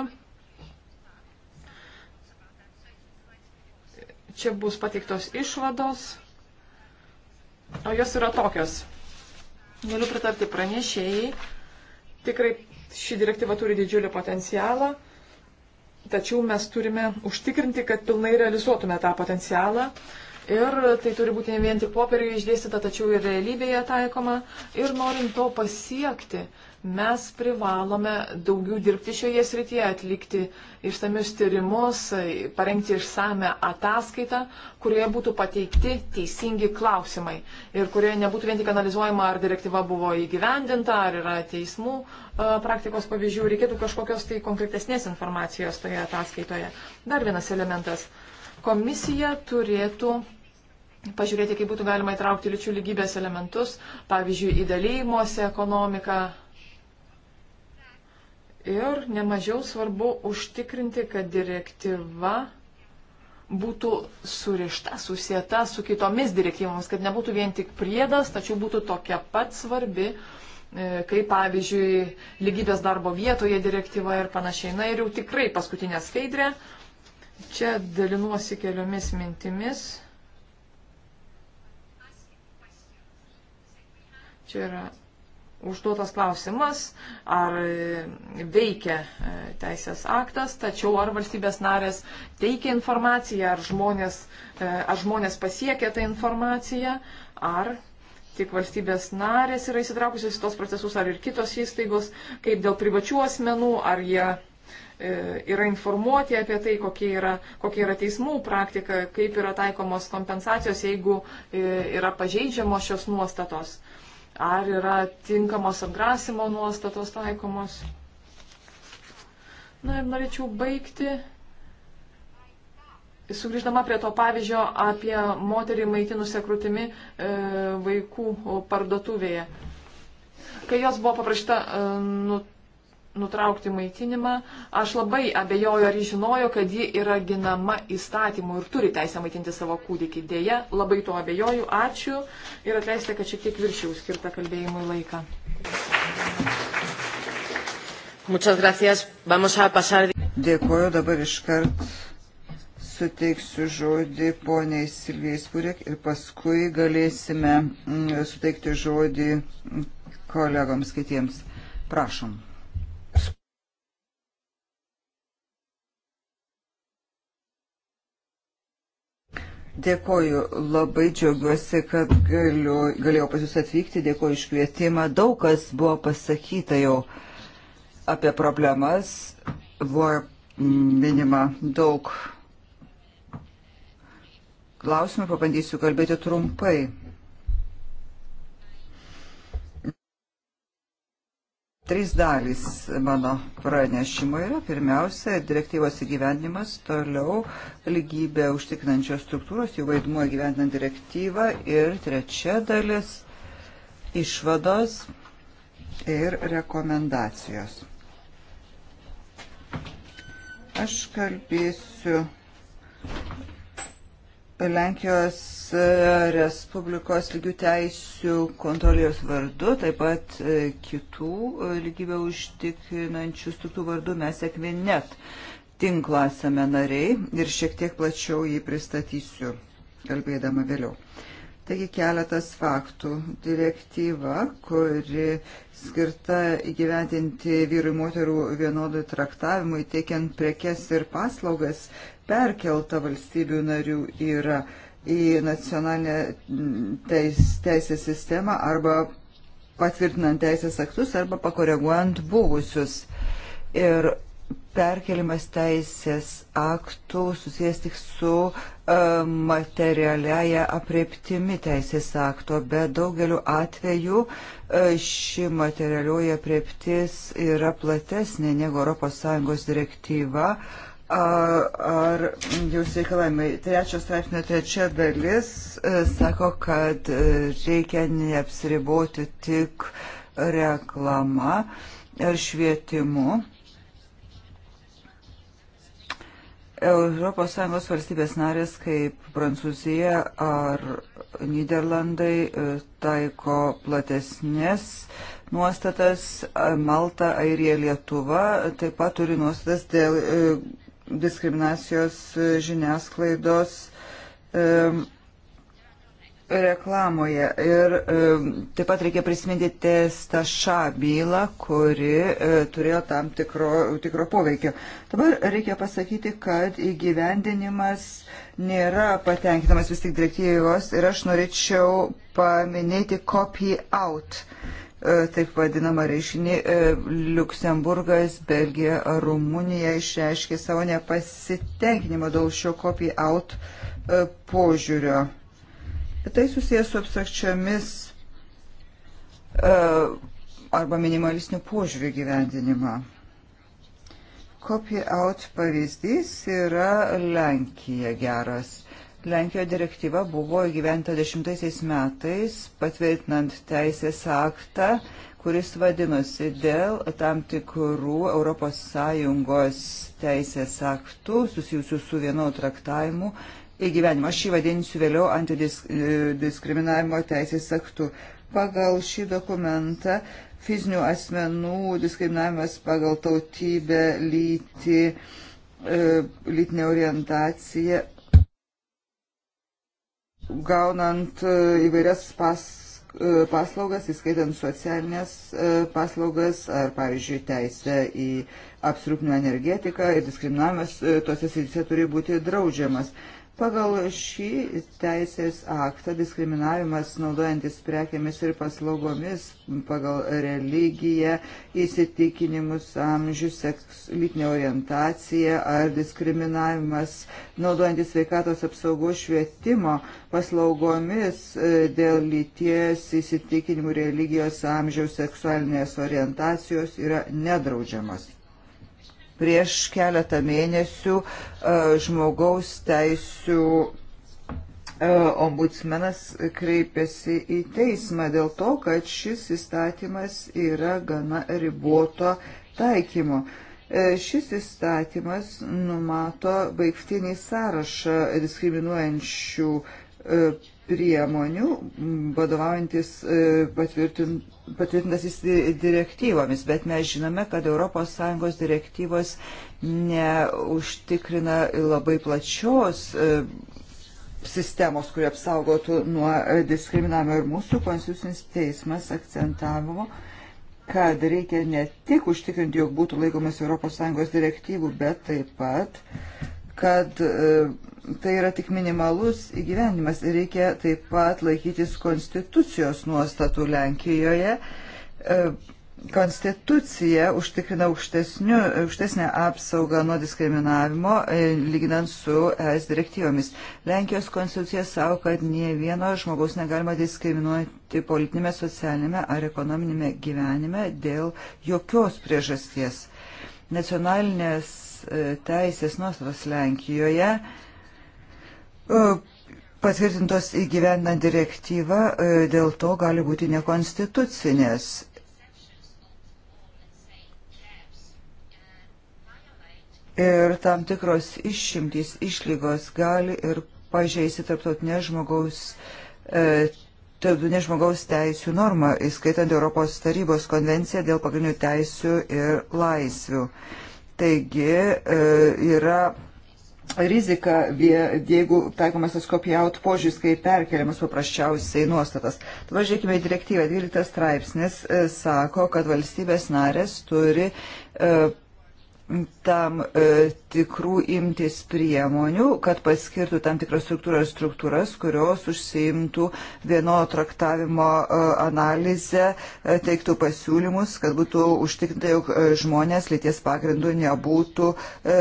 Čia bus pateiktos išvados, o jos yra tokios. Galiu pritarti pranešėjai. Tikrai ši direktyva turi didžiulį potencialą, tačiau mes turime užtikrinti, kad pilnai realizuotume tą potencialą. Ir tai turi būti ne vien tik popieriuje išdėstyta, tačiau ir realybėje taikoma. Ir norint to pasiekti, mes privalome daugiau dirbti šioje srityje, atlikti išsamius tyrimus, parengti išsame ataskaitą, kurioje būtų pateikti teisingi klausimai ir kurioje nebūtų vien tik analizuojama, ar direktyva buvo įgyvendinta, ar yra teismų e, praktikos pavyzdžių. Reikėtų kažkokios tai konkretesnės informacijos toje ataskaitoje. Dar vienas elementas. Komisija turėtų pažiūrėti, kaip būtų galima įtraukti lyčių lygybės elementus, pavyzdžiui, į dalymosi ekonomiką. Ir nemažiau svarbu užtikrinti, kad direktyva būtų surišta, susieta su kitomis direktyvomis, kad nebūtų vien tik priedas, tačiau būtų tokia pat svarbi, e, kaip pavyzdžiui, lygybės darbo vietoje direktyva ir panašiai. Na ir jau tikrai paskutinė skaidrė. Čia dalinuosi keliomis mintimis. Čia yra užduotas klausimas, ar veikia e, teisės aktas, tačiau ar valstybės narės teikia informaciją, ar žmonės, e, ar žmonės pasiekia tą informaciją, ar tik valstybės narės yra įsitraukusios į tos procesus, ar ir kitos įstaigos, kaip dėl privačių asmenų, ar jie e, yra informuoti apie tai, kokia yra, kokia yra teismų praktika, kaip yra taikomos kompensacijos, jeigu yra pažeidžiamos šios nuostatos. Ar yra tinkamos atgrasimo nuostatos taikomos? Na ir norėčiau baigti. Sugrįždama prie to pavyzdžio apie moterį maitinusią krūtimi e, vaikų parduotuvėje. Kai jos buvo paprašyta e, nu, nutraukti maitinimą. Aš labai abejoju, ar jis žinojo, kad ji yra ginama įstatymu ir turi teisę maitinti savo kūdikį. Dėja, labai tuo abejoju. Ačiū ir atleiskite, kad šiek tiek viršiau skirtą kalbėjimui laiką. Pasar... Dėkuoju dabar iškart suteiksiu žodį poniai Silvijai Spurek ir paskui galėsime mm, suteikti žodį kolegoms kitiems. Prašom. Dėkoju, labai džiaugiuosi, kad galiu, galėjau pas Jūs atvykti, dėkoju iš kvietimą. Daug kas buvo pasakyta jau apie problemas, buvo minima daug klausimų, pabandysiu kalbėti trumpai. Trys dalys mano pranešimo yra. Pirmiausia, direktyvos įgyvendimas, toliau lygybė užtikrinančios struktūros, jų vaidmuo įgyvendinant direktyvą ir trečia dalis išvados ir rekomendacijos. Aš kalbėsiu Lenkijos e, Respublikos lygių teisių kontrolės vardu, taip pat e, kitų e, lygybę užtikrinančių struktūrų vardu mes ekvinet tinklą esame nariai ir šiek tiek plačiau jį pristatysiu, kalbėdama vėliau. Taigi keletas faktų. Direktyva, kuri skirta įgyventinti vyrų ir moterų vienodų traktavimui, teikiant prekes ir paslaugas, perkelta valstybių narių yra į nacionalinę teis, teisės sistemą arba patvirtinant teisės aktus arba pakoreguojant buvusius. Ir perkelimas teisės aktų susijęs tik su e, materialiaja aprieptimi teisės akto, bet daugeliu atveju e, ši materialioji aprieptis yra platesnė negu ES direktyva ar jūs reikalavimai. Trečios straipsnio trečia dalis e, sako, kad e, reikia neapsiriboti tik reklama ar švietimu. ES valstybės narės kaip Prancūzija ar Niderlandai e, taiko platesnės nuostatas, Malta, Airija, Lietuva taip pat turi nuostatas dėl diskriminacijos e, žiniasklaidos e, reklamoje. Ir e, taip pat reikia prisiminti testą šią bylą, kuri turėjo tam tikro, tikro poveikio. Dabar reikia pasakyti, kad įgyvendinimas nėra patenkinamas vis tik direktyvos ir aš norėčiau paminėti copy out. Uh, E, taip vadinamą reiškinį, e, Luksemburgas, Belgija, Rumunija išreiškė savo nepasitenkinimą dėl šio copy-out e, požiūrio. Tai susijęs su abstrakčiomis arba minimalistiniu požiūriu gyvendinimą. Copy-out pavyzdys yra Lenkija geras. Lenkijoje direktyva buvo įgyventa 10 metais, patvirtinant teisės aktą, kuris vadinosi dėl tam tikrų ES teisės aktų susijusių su vienodu traktavimu įgyvenimu. Aš jį vadinsiu vėliau antidiskriminavimo teisės aktu. Pagal šį dokumentą fizinių asmenų diskriminavimas pagal tautybę, lytį, e, lytinę orientaciją gaunant e, įvairias pas, e, paslaugas, įskaitant socialinės e, paslaugas ar, pavyzdžiui, teisę į apsirūpinimą energetiką ir diskriminavimas tose srityse turi būti draudžiamas. Pagal šį teisės aktą diskriminavimas naudojantis prekiamis ir paslaugomis pagal religiją, įsitikinimus, amžių, seks, lytinę orientaciją ar diskriminavimas naudojantis sveikatos apsaugos švietimo paslaugomis e, dėl lyties, įsitikinimų, religijos, amžiaus, seksualinės orientacijos yra nedraudžiamas. Prieš keletą mėnesių e, žmogaus teisų e, ombudsmenas kreipėsi į teismą dėl to, kad šis įstatymas yra gana riboto taikymo. E, šis įstatymas numato baigtinį sąrašą diskriminuojančių priemonių, vadovaujantis e, patvirtintasis direktyvomis, bet mes žinome, kad ES direktyvos neužtikrina labai plačios e, sistemos, kurie apsaugotų nuo e, diskriminavimo. Ir mūsų konstitucinis teismas akcentavo, kad reikia ne tik užtikrinti, jog būtų laikomas ES direktyvų, bet taip pat, kad tai yra tik minimalus įgyvenimas. Reikia taip pat laikytis konstitucijos nuostatų Lenkijoje. E, konstitucija užtikrina aukštesnę apsaugą nuo diskriminavimo, e, lyginant su ES direktyvomis. Lenkijos konstitucija savo, kad nie vieno žmogaus negalima diskriminuoti politinėme, socialinėme ar ekonominėme gyvenime dėl jokios priežasties. Nacionalinės e, teisės nuostatos Lenkijoje E, patvirtintos įgyvendant direktyvą e, dėl to gali būti nekonstitucinės. Ir tam tikros išimtys, išlygos gali ir pažeisti tarptautinę žmogaus, e, tarptautinę žmogaus teisų normą, įskaitant Europos tarybos konvenciją dėl pagrindinių teisų ir laisvių. Taigi yra rizika, jeigu taikomas tas copy-out požiūris, kai perkeliamas paprasčiausiai nuostatas. Dabar žiūrėkime į direktyvą. 12 straipsnis e, sako, kad valstybės narės turi e, tam e, tikrų imtis priemonių, kad paskirtų tam tikras struktūras struktūras, kurios užsiimtų vieno traktavimo e, analizę, e, teiktų pasiūlymus, kad būtų užtikrinta, jog e, žmonės lyties pagrindų nebūtų e,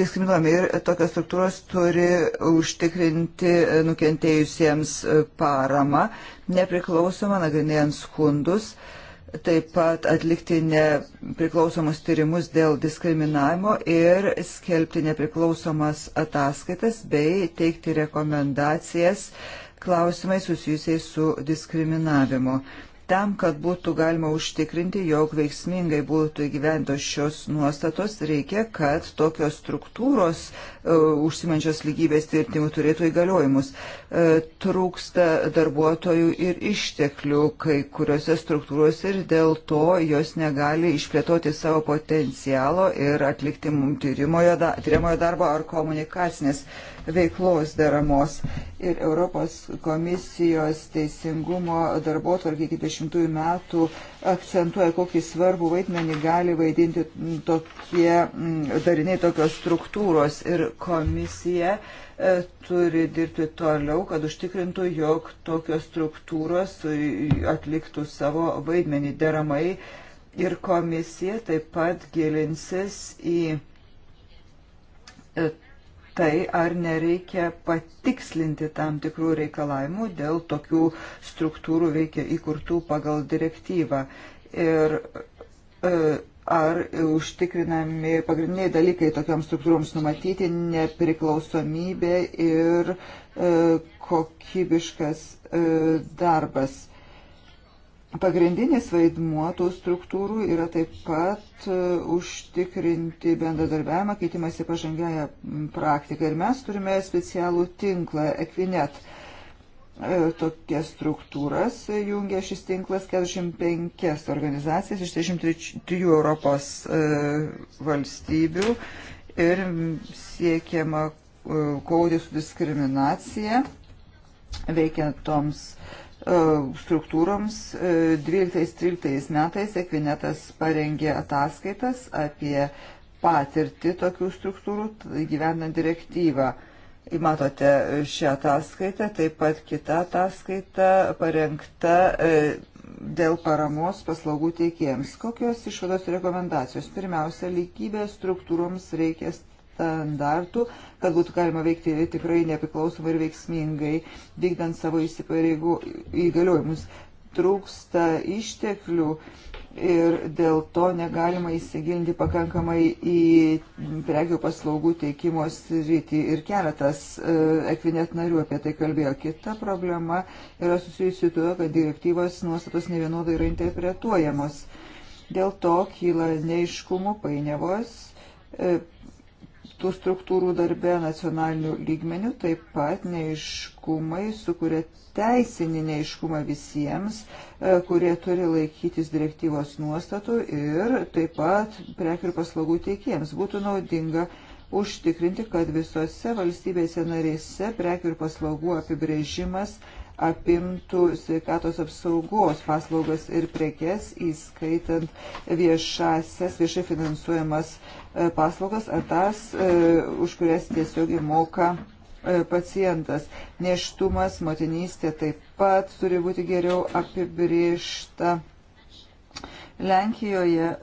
diskriminuojami ir tokios struktūros turi užtikrinti e, nukentėjusiems e, paramą, nepriklausomą nagrinėjant skundus. E, taip pat atlikti nepriklausomus tyrimus dėl diskriminavimo ir skelbti nepriklausomas ataskaitas bei teikti rekomendacijas klausimai susijusiai su diskriminavimu. Tam, kad būtų galima užtikrinti, jog veiksmingai būtų įgyventos šios nuostatos, reikia, kad tokios struktūros e, užsimančios lygybės tvirtimų turėtų įgaliojimus. E, trūksta darbuotojų ir išteklių kai kuriuose struktūrose ir dėl to jos negali išplėtoti savo potencialo ir atlikti tyrimojo, tyrimojo darbo ar komunikacinės veiklos deramos. Ir Europos komisijos teisingumo darbo tvarkiai iki dešimtųjų metų akcentuoja, kokį svarbų vaidmenį gali vaidinti tokie mm, dariniai, tokios struktūros. Ir komisija e, turi dirbti toliau, kad užtikrintų, jog tokios struktūros e, atliktų savo vaidmenį deramai. Ir komisija taip pat gilinsis į e, tai, ar nereikia patikslinti tam tikrų reikalavimų dėl tokių struktūrų veikia įkurtų pagal direktyvą. Ir e, ar užtikrinami pagrindiniai dalykai tokiams struktūroms numatyti - nepriklausomybė ir e, kokybiškas e, darbas Pagrindinis vaidmuo tų struktūrų yra taip pat e, užtikrinti bendradarbiavimą, keitimąsi pažangiają praktiką. Ir mes turime specialų tinklą Equinet. E, Tokias struktūras jungia šis tinklas 45 organizacijas iš 33 Europos e, valstybių ir siekiama kovoti su diskriminacija veikiant toms E, struktūroms 12-13 e, metais Ekvinetas parengė ataskaitas apie patirtį tokių struktūrų tai gyvenant direktyvą. Matote šią ataskaitą, taip pat kita ataskaita parengta e, dėl paramos paslaugų teikėjams. Kokios išvados rekomendacijos? Pirmiausia, lygybės struktūroms reikės standartų, kad būtų galima veikti tikrai nepriklausomai ir veiksmingai, vykdant savo įsipareigų įgaliojimus. Trūksta išteklių ir dėl to negalima įsigilinti pakankamai į prekių paslaugų teikimo sritį. Ir keletas ekvinet narių apie tai kalbėjo. Kita problema yra susijusi tuo, kad direktyvos nuostatos nevienodai yra interpretuojamos. Dėl to kyla neiškumų painiavos e, tų struktūrų darbe nacionalinių lygmenių, taip pat neiškumai sukuria teisinį neiškumą visiems, e, kurie turi laikytis direktyvos nuostatų ir taip pat prekių ir paslaugų teikėjams. Būtų naudinga užtikrinti, kad visose valstybėse narėse prekių ir paslaugų apibrėžimas apimtų sveikatos apsaugos paslaugas ir prekes, įskaitant viešasias, viešai finansuojamas e, paslaugas ar tas, e, už kurias tiesiogiai moka e, pacientas. Neštumas, motinystė taip pat turi būti geriau apibriešta. Lenkijoje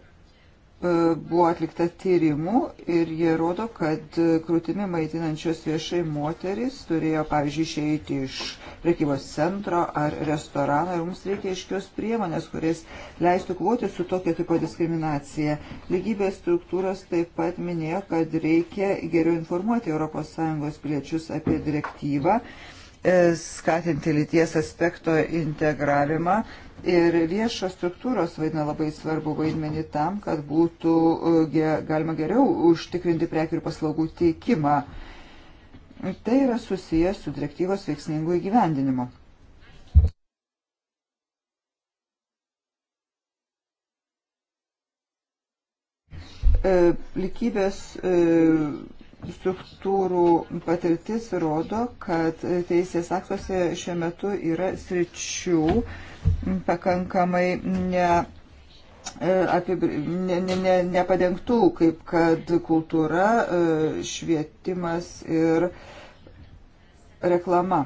E, buvo atlikta tyrimų ir jie rodo, kad krūtimi maitinančios viešai moteris turėjo, pavyzdžiui, išeiti iš prekybos centro ar restorano ir mums reikia iškios priemonės, kuris leistų kvoti su tokia tipo diskriminacija. Lygybės struktūros taip pat minėjo, kad reikia geriau informuoti ES piliečius apie direktyvą. Uh, E, skatinti lyties aspekto integravimą. Ir viešos struktūros vaidina labai svarbu vaidmenį tam, kad būtų e, galima geriau užtikrinti prekių ir paslaugų teikimą. Tai yra susijęs su direktyvos veiksmingų įgyvendinimu. E, likybės struktūrų patirtis rodo, kad teisės aktuose šiuo metu yra sričių pakankamai ne e, apibri... ne, ne, ne, nepadengtų, kaip kad kultūra, e, švietimas ir reklama.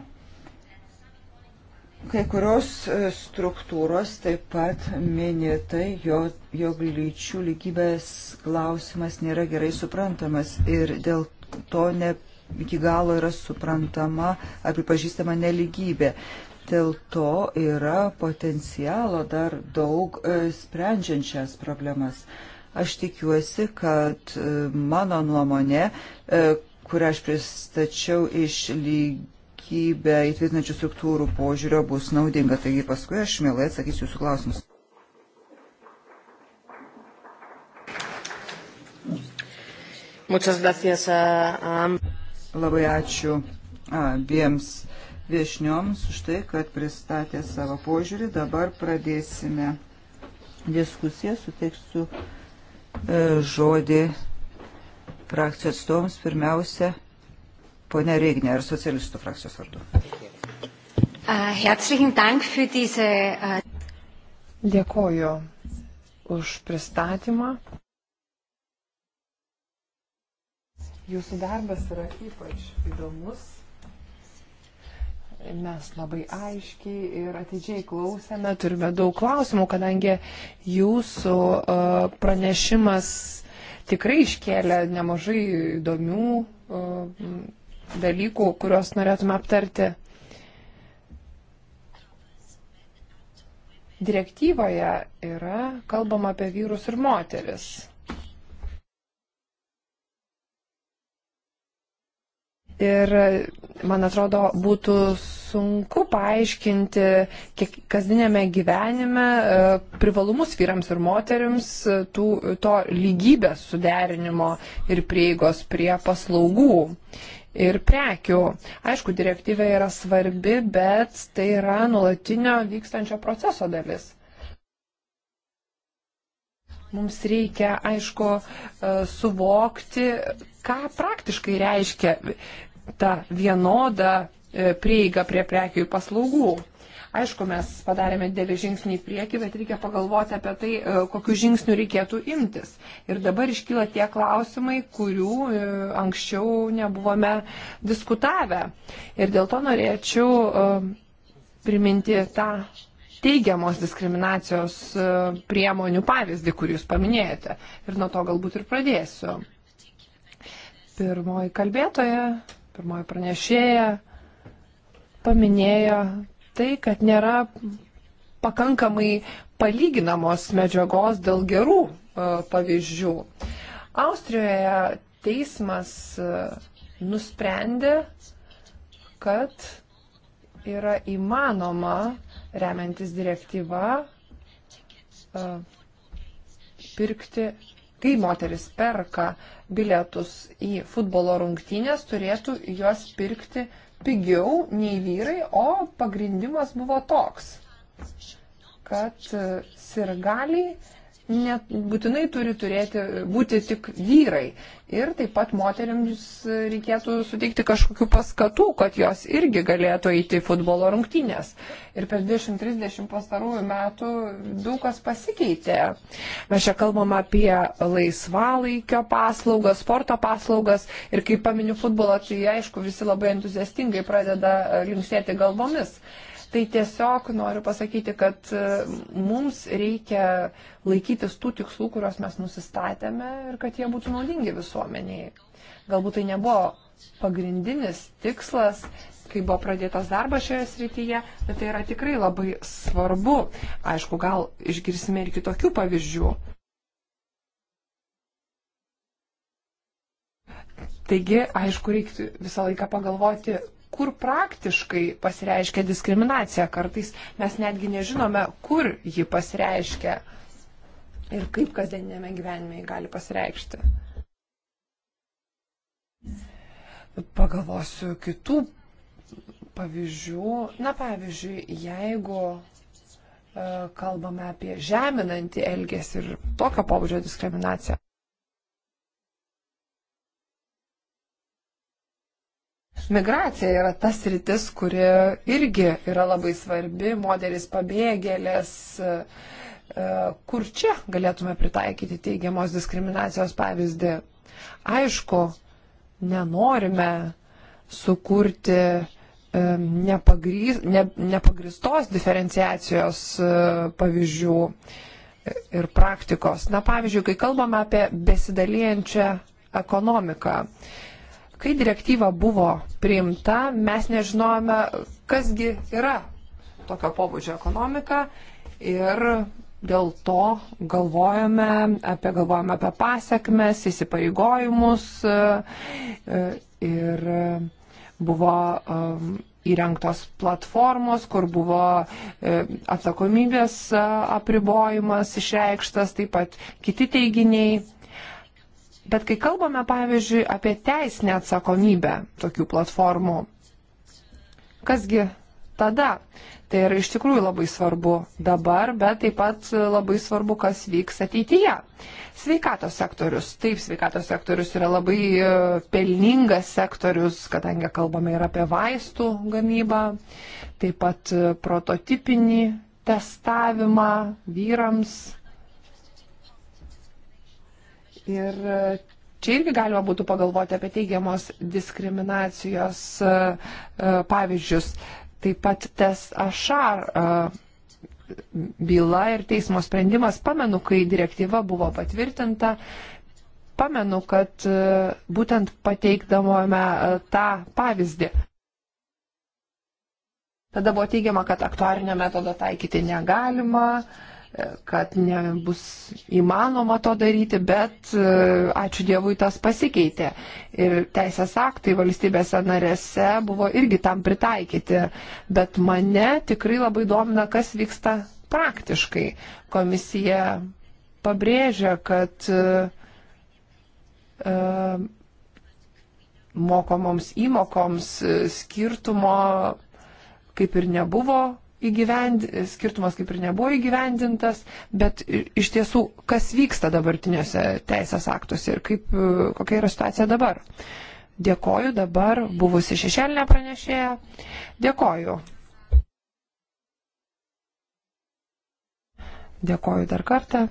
Kai kurios e, struktūros taip pat mini tai, jog, jog lyčių lygybės klausimas nėra gerai suprantamas ir dėl to ne iki galo yra suprantama ar pripažįstama neligybė. Dėl to yra potencialo dar daug e, sprendžiančias problemas. Aš tikiuosi, kad e, mano nuomonė, kurią aš pristačiau iš lyg kokybę įtvirtinančių struktūrų požiūrio bus naudinga. Taigi paskui aš mielai atsakysiu jūsų klausimus. Gracias, um... Labai ačiū abiems viešnioms už tai, kad pristatė savo požiūrį. Dabar pradėsime diskusiją, suteiksiu e, žodį frakcijų atstovams. Pirmiausia, Pone Reignė, ar socialistų frakcijos vardu? Dėkoju už pristatymą. Jūsų darbas yra ypač įdomus. Mes labai aiškiai ir atidžiai klausėme, turime daug klausimų, kadangi jūsų pranešimas tikrai iškėlė nemažai įdomių dalykų, kuriuos norėtume aptarti. Direktyvoje yra kalbama apie vyrus ir moteris. Ir man atrodo, būtų sunku paaiškinti kiek kasdienėme gyvenime e, privalumus vyrams ir moteriams e, tų, to lygybės suderinimo ir prieigos prie paslaugų ir prekių. Aišku, direktyva yra svarbi, bet tai yra nulatinio vykstančio proceso dalis. Mums reikia, aišku, e, suvokti, ką praktiškai reiškia ta vienoda e, prieiga prie prekių ir paslaugų. Aišku, mes padarėme dėlį žingsnį į priekį, bet reikia pagalvoti apie tai, e, kokiu žingsniu reikėtų imtis. Ir dabar iškyla tie klausimai, kurių e, anksčiau nebuvome diskutavę. Ir dėl to norėčiau e, priminti tą teigiamos diskriminacijos priemonių pavyzdį, kurį jūs paminėjote. Ir nuo to galbūt ir pradėsiu. Pirmoji kalbėtoja, pirmoji pranešėja paminėjo tai, kad nėra pakankamai palyginamos medžiagos dėl gerų e, pavyzdžių. Austrijoje teismas e, nusprendė, kad yra įmanoma, remiantis direktyva, e, pirkti, kai moteris perka bilietus į futbolo rungtynės, turėtų juos pirkti pigiau nei vyrai, o pagrindimas buvo toks, kad sirgaliai nebūtinai turi turėti, būti tik vyrai. Ir taip pat moteriams reikėtų suteikti kažkokių paskatų, kad jos irgi galėtų eiti į futbolo rungtynės. Ir per 20-30 pastarųjų metų daug kas pasikeitė. Mes čia kalbam apie laisvalaikio paslaugas, sporto paslaugas. Ir kai paminiu futbolą, tai aišku, visi labai entuziastingai pradeda linksėti galvomis. Tai tiesiog noriu pasakyti, kad e, mums reikia laikytis tų tikslų, kuriuos mes nusistatėme ir kad jie būtų naudingi visuomeniai. Galbūt tai nebuvo pagrindinis tikslas, kai buvo pradėtas darbas šioje srityje, bet tai yra tikrai labai svarbu. Aišku, gal išgirsime ir kitokių pavyzdžių. Taigi, aišku, reiktų visą laiką pagalvoti, kur praktiškai pasireiškia diskriminacija. Kartais mes netgi nežinome, kur ji pasireiškia ir kaip kasdieninėme gyvenime ji gali pasireikšti. Pagalvosiu kitų pavyzdžių. Na, pavyzdžiui, jeigu e, kalbame apie žeminantį elgesį ir tokio pobūdžio diskriminaciją. Migracija yra tas rytis, kuri irgi yra labai svarbi, moteris pabėgėlės, e, kur čia galėtume pritaikyti teigiamos diskriminacijos pavyzdį. Aišku, nenorime sukurti e, nepagrys, ne, nepagristos diferenciacijos e, pavyzdžių ir praktikos. Na, pavyzdžiui, kai kalbame apie besidalijančią ekonomiką, Kai direktyva buvo priimta, mes nežinojome, kasgi yra tokio pobūdžio ekonomika ir dėl to galvojame apie, galvojame apie pasiekmes, įsipareigojimus e, ir buvo um, įrengtos platformos, kur buvo e, atsakomybės apribojimas išreikštas, taip pat kiti teiginiai. Bet kai kalbame, pavyzdžiui, apie teisinę atsakomybę tokių platformų, kasgi tada? Tai yra iš tikrųjų labai svarbu dabar, bet taip pat labai svarbu, kas vyks ateityje. Sveikatos sektorius. Taip, sveikatos sektorius yra labai e, pelningas sektorius, kadangi kalbame ir apie vaistų gamybą, taip pat e, prototipinį testavimą vyrams Ir e, čia irgi galima būtų pagalvoti apie teigiamos diskriminacijos e, e, pavyzdžius. Taip pat tas ašar byla ir teismo sprendimas, pamenu, kai direktyva buvo patvirtinta, pamenu, kad būtent pateikdavome tą pavyzdį. Tada buvo teigiama, kad aktuarinio metodo taikyti negalima, uh, kad nebus įmanoma to daryti, bet e, ačiū Dievui tas pasikeitė. Ir teisės aktai valstybėse narėse buvo irgi tam pritaikyti. Bet mane tikrai labai domina, kas vyksta praktiškai. Komisija pabrėžia, kad e, e, mokomoms įmokoms skirtumo kaip ir nebuvo įgyvend, skirtumas kaip ir nebuvo įgyvendintas, bet iš tiesų, kas vyksta dabartiniuose teisės aktuose ir kaip, e, kokia yra situacija dabar. Dėkoju dabar buvusi šešėlinė pranešėja. Dėkoju. Dėkoju dar kartą.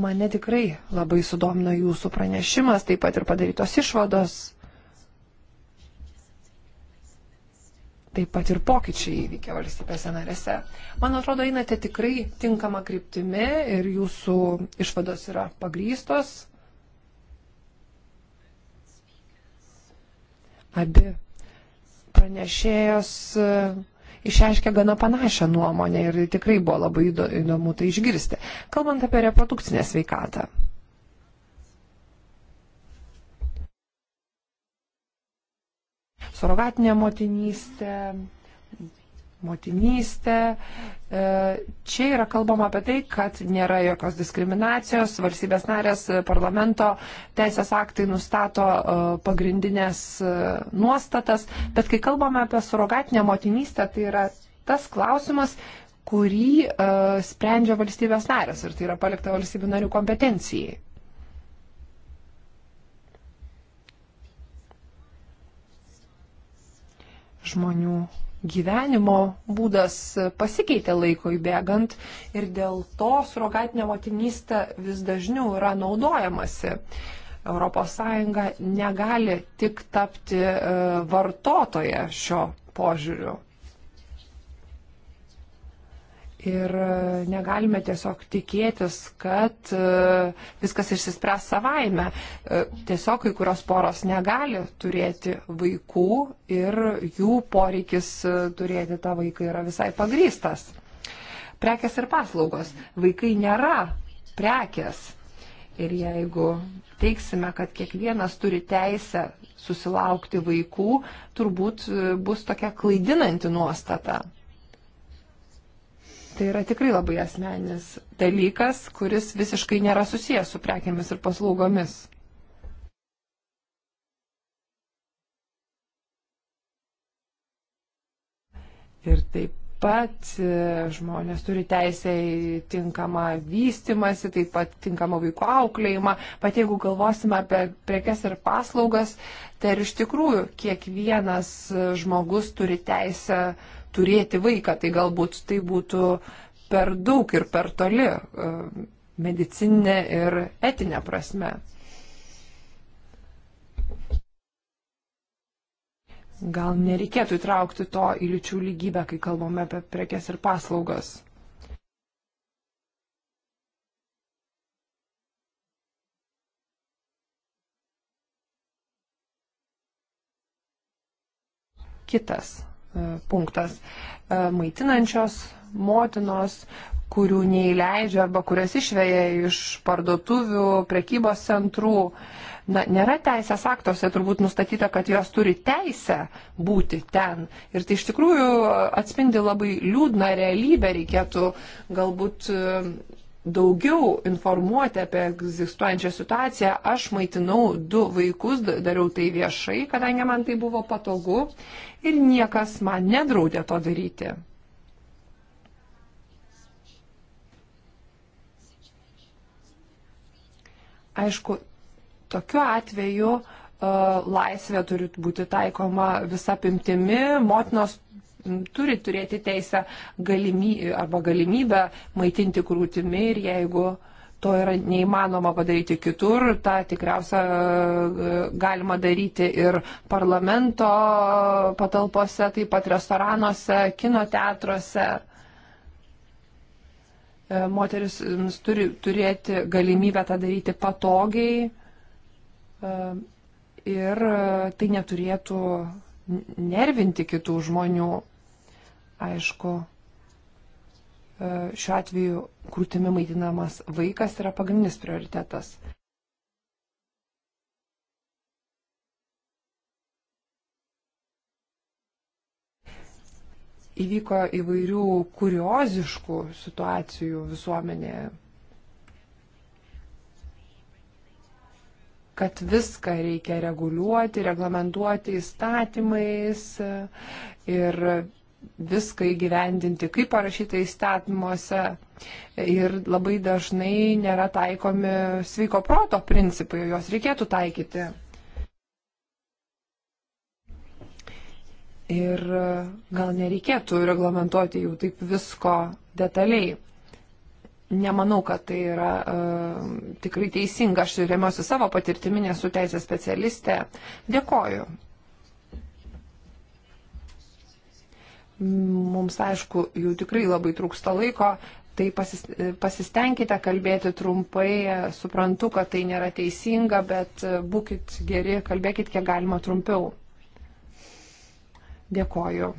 Mane tikrai labai sudomino jūsų pranešimas, taip pat ir padarytos išvados. taip pat ir pokyčiai įvykę valstybėse narėse. Man atrodo, einate tikrai tinkamą kryptimį ir jūsų išvados yra pagrystos. Abi pranešėjos e, išreiškė gana panašią nuomonę ir tikrai buvo labai įdomu tai išgirsti. Kalbant apie reprodukcinę sveikatą. surogatinę motinystę, motinystę. E, čia yra kalbama apie tai, kad nėra jokios diskriminacijos, valstybės narės parlamento teisės aktai nustato e, pagrindinės e, nuostatas, bet kai kalbame apie surogatinę motinystę, tai yra tas klausimas, kurį sprendžia valstybės narės ir tai yra palikta valstybių narių kompetencijai. žmonių gyvenimo būdas pasikeitė laikui bėgant ir dėl to surogatinė motinystė vis dažniau yra naudojamasi. ES negali tik tapti e, vartotoje šio požiūriu. Ir e, negalime tiesiog tikėtis, kad e, viskas išsispręs savaime. E, tiesiog kai kurios poros negali turėti vaikų ir jų poreikis turėti tą vaiką yra visai pagrystas. Prekės ir paslaugos. Vaikai nėra prekės. Ir jeigu teiksime, kad kiekvienas turi teisę susilaukti vaikų, turbūt bus tokia klaidinanti nuostata. Tai yra tikrai labai asmeninis dalykas, kuris visiškai nėra susijęs su prekiamis ir paslaugomis. Ir taip pat e, žmonės turi teisę į tinkamą vystimąsi, taip pat tinkamą vaiko auklėjimą. Pat jeigu galvosime apie prekes ir paslaugas, tai ir iš tikrųjų kiekvienas žmogus turi teisę uh, turėti vaiką, tai galbūt tai būtų per daug ir per toli e, medicinė ir etinė prasme. Gal nereikėtų įtraukti to į lyčių lygybę, kai kalbame apie prekes ir paslaugas. Kitas E, punktas. E, maitinančios motinos, kurių neįleidžia arba kurias išveja iš parduotuvių, prekybos centrų. Na, nėra teisės aktuose turbūt nustatyta, kad jos turi teisę būti ten. Ir tai iš tikrųjų atspindi labai liūdną realybę, reikėtų galbūt daugiau informuoti apie egzistuojančią situaciją. Aš maitinau du vaikus, dariau tai viešai, kadangi man tai buvo patogu ir niekas man nedraudė to daryti. Aišku, tokiu atveju uh, laisvė turi būti taikoma visa pimtimi, motinos turi turėti teisę galimybę arba galimybę maitinti krūtimi ir jeigu to yra neįmanoma padaryti kitur, tą tikriausia e, galima daryti ir parlamento patalpose, taip pat restoranuose, kino teatruose. E, moteris turi turėti galimybę tą daryti patogiai e, ir tai neturėtų nervinti kitų žmonių aišku, e, šiuo atveju krūtimi maitinamas vaikas yra pagrindinis prioritetas. Įvyko įvairių kurioziškų situacijų visuomenėje, kad viską reikia reguliuoti, reglamentuoti įstatymais ir viską įgyvendinti, kaip parašyta įstatymuose. Ir labai dažnai nėra taikomi sveiko proto principai, juos reikėtų taikyti. Ir gal nereikėtų reglamentuoti jau taip visko detaliai. Nemanau, kad tai yra uh, tikrai teisinga. Aš remiuosi savo patirtimi, nesu teisės specialistė. Dėkoju Mums aišku, jau tikrai labai trūksta laiko, tai pasis, pasistengkite kalbėti trumpai, suprantu, kad tai nėra teisinga, bet būkite geri, kalbėkite kiek galima trumpiau. Dėkoju.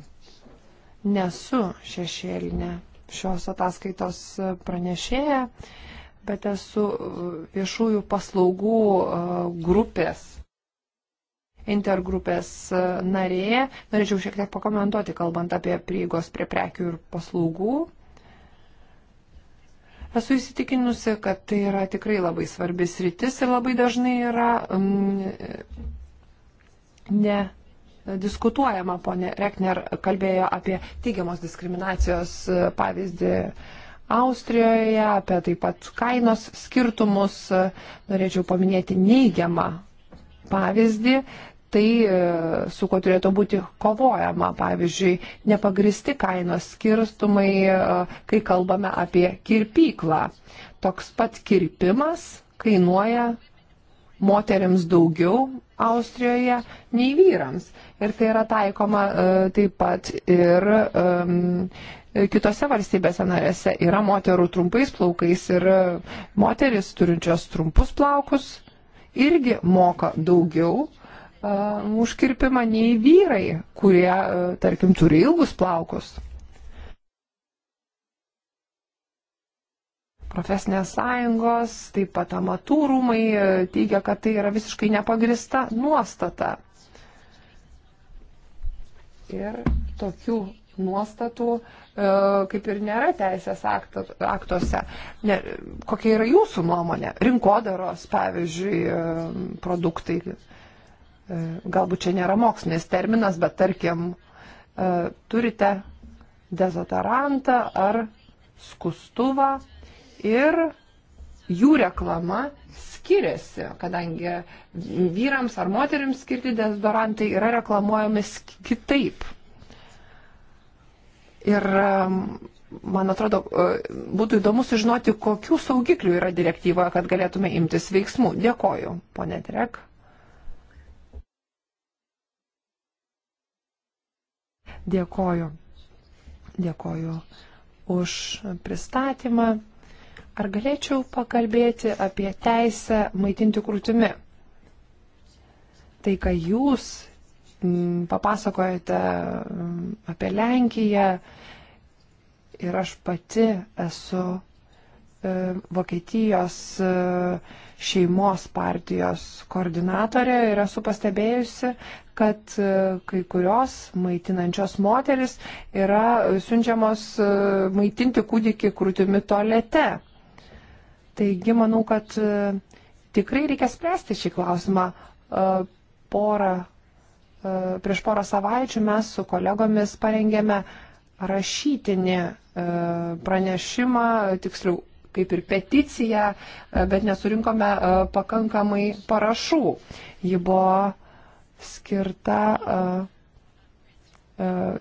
Nesu šešėlinė šios ataskaitos pranešėja, bet esu viešųjų paslaugų grupės intergrupės e, narė. Norėčiau šiek tiek pakomentuoti, kalbant apie prieigos prie prekių ir paslaugų. Esu įsitikinusi, kad tai yra tikrai labai svarbis rytis ir labai dažnai yra mm, ne diskutuojama, ponė Rekner kalbėjo apie teigiamos diskriminacijos e, pavyzdį Austrijoje, apie taip pat kainos skirtumus. Norėčiau paminėti neigiamą pavyzdį tai, e, su kuo turėtų būti kovojama, pavyzdžiui, nepagristi kainos skirstumai, e, kai kalbame apie kirpyklą. Toks pat kirpimas kainuoja moteriams daugiau Austrijoje nei vyrams. Ir tai yra taikoma e, taip pat ir um, kitose valstybėse narėse. Yra moterų trumpais plaukais ir moteris turinčios trumpus plaukus irgi moka daugiau užkirpimą nei vyrai, kurie, tarkim, turi ilgus plaukus. Profesinės sąjungos, taip pat amatų rūmai teigia, kad tai yra visiškai nepagrista nuostata. Ir tokių nuostatų kaip ir nėra teisės akto, aktuose. Ne, kokia yra jūsų nuomonė? Rinkodaros, pavyzdžiui, produktai E, galbūt čia nėra mokslinis terminas, bet tarkim, e, turite dezodorantą ar skustuvą ir jų reklama skiriasi, kadangi vyrams ar moteriams skirti dezodorantai yra reklamuojami kitaip. Ir man atrodo, e, būtų įdomu sužinoti, kokių saugiklių yra direktyvoje, kad galėtume imtis veiksmų. Dėkoju, ponė Drek. Dėkoju. Dėkoju už pristatymą. Ar galėčiau pakalbėti apie teisę maitinti krūtimi? Tai, ką jūs mm, papasakojate mm, apie Lenkiją ir aš pati esu E, Vokietijos e, šeimos partijos koordinatorė ir esu pastebėjusi, kad e, kai kurios maitinančios moteris yra siunčiamos maitinti kūdikį krūtimi tolete. Taigi manau, kad tikrai reikia spręsti šį klausimą. Porą, prieš porą savaičių mes su kolegomis parengėme rašytinį pranešimą, tiksliau kaip ir peticiją, e, bet nesurinkome e, pakankamai parašų. Ji buvo skirta e,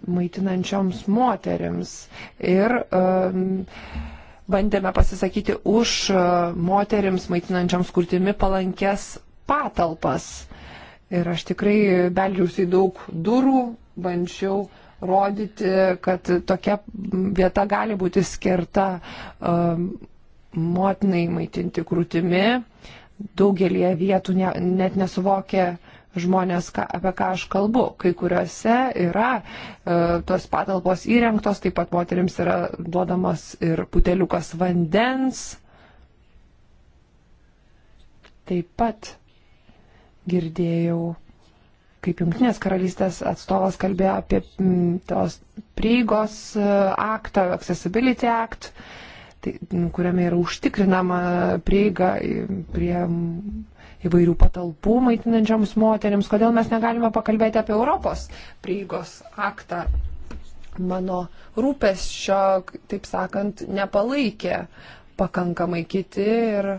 maitinančioms moteriams. Ir bandėme pasisakyti už moteriams maitinančioms kurtimi palankės patalpas. Ir aš tikrai beldžiausi į daug durų, bandžiau rodyti, kad tokia vieta gali būti skirta um, motinai maitinti krūtimi. Daugelie vietų ne, net nesuvokia žmonės, ką, apie ką aš kalbu. Kai kuriuose yra e, tos patalpos įrengtos, taip pat moteriams yra duodamas ir puteliukas vandens. Taip pat girdėjau, kaip Junktinės karalystės atstovas kalbėjo apie m, mm, tos prieigos e, aktą, Accessibility Act. E, tai, nu, kuriame yra užtikrinama prieiga prie įvairių patalpų maitinančioms moteriams. Kodėl mes negalime pakalbėti apie Europos prieigos aktą? Mano rūpesčio, taip sakant, nepalaikė pakankamai kiti ir e,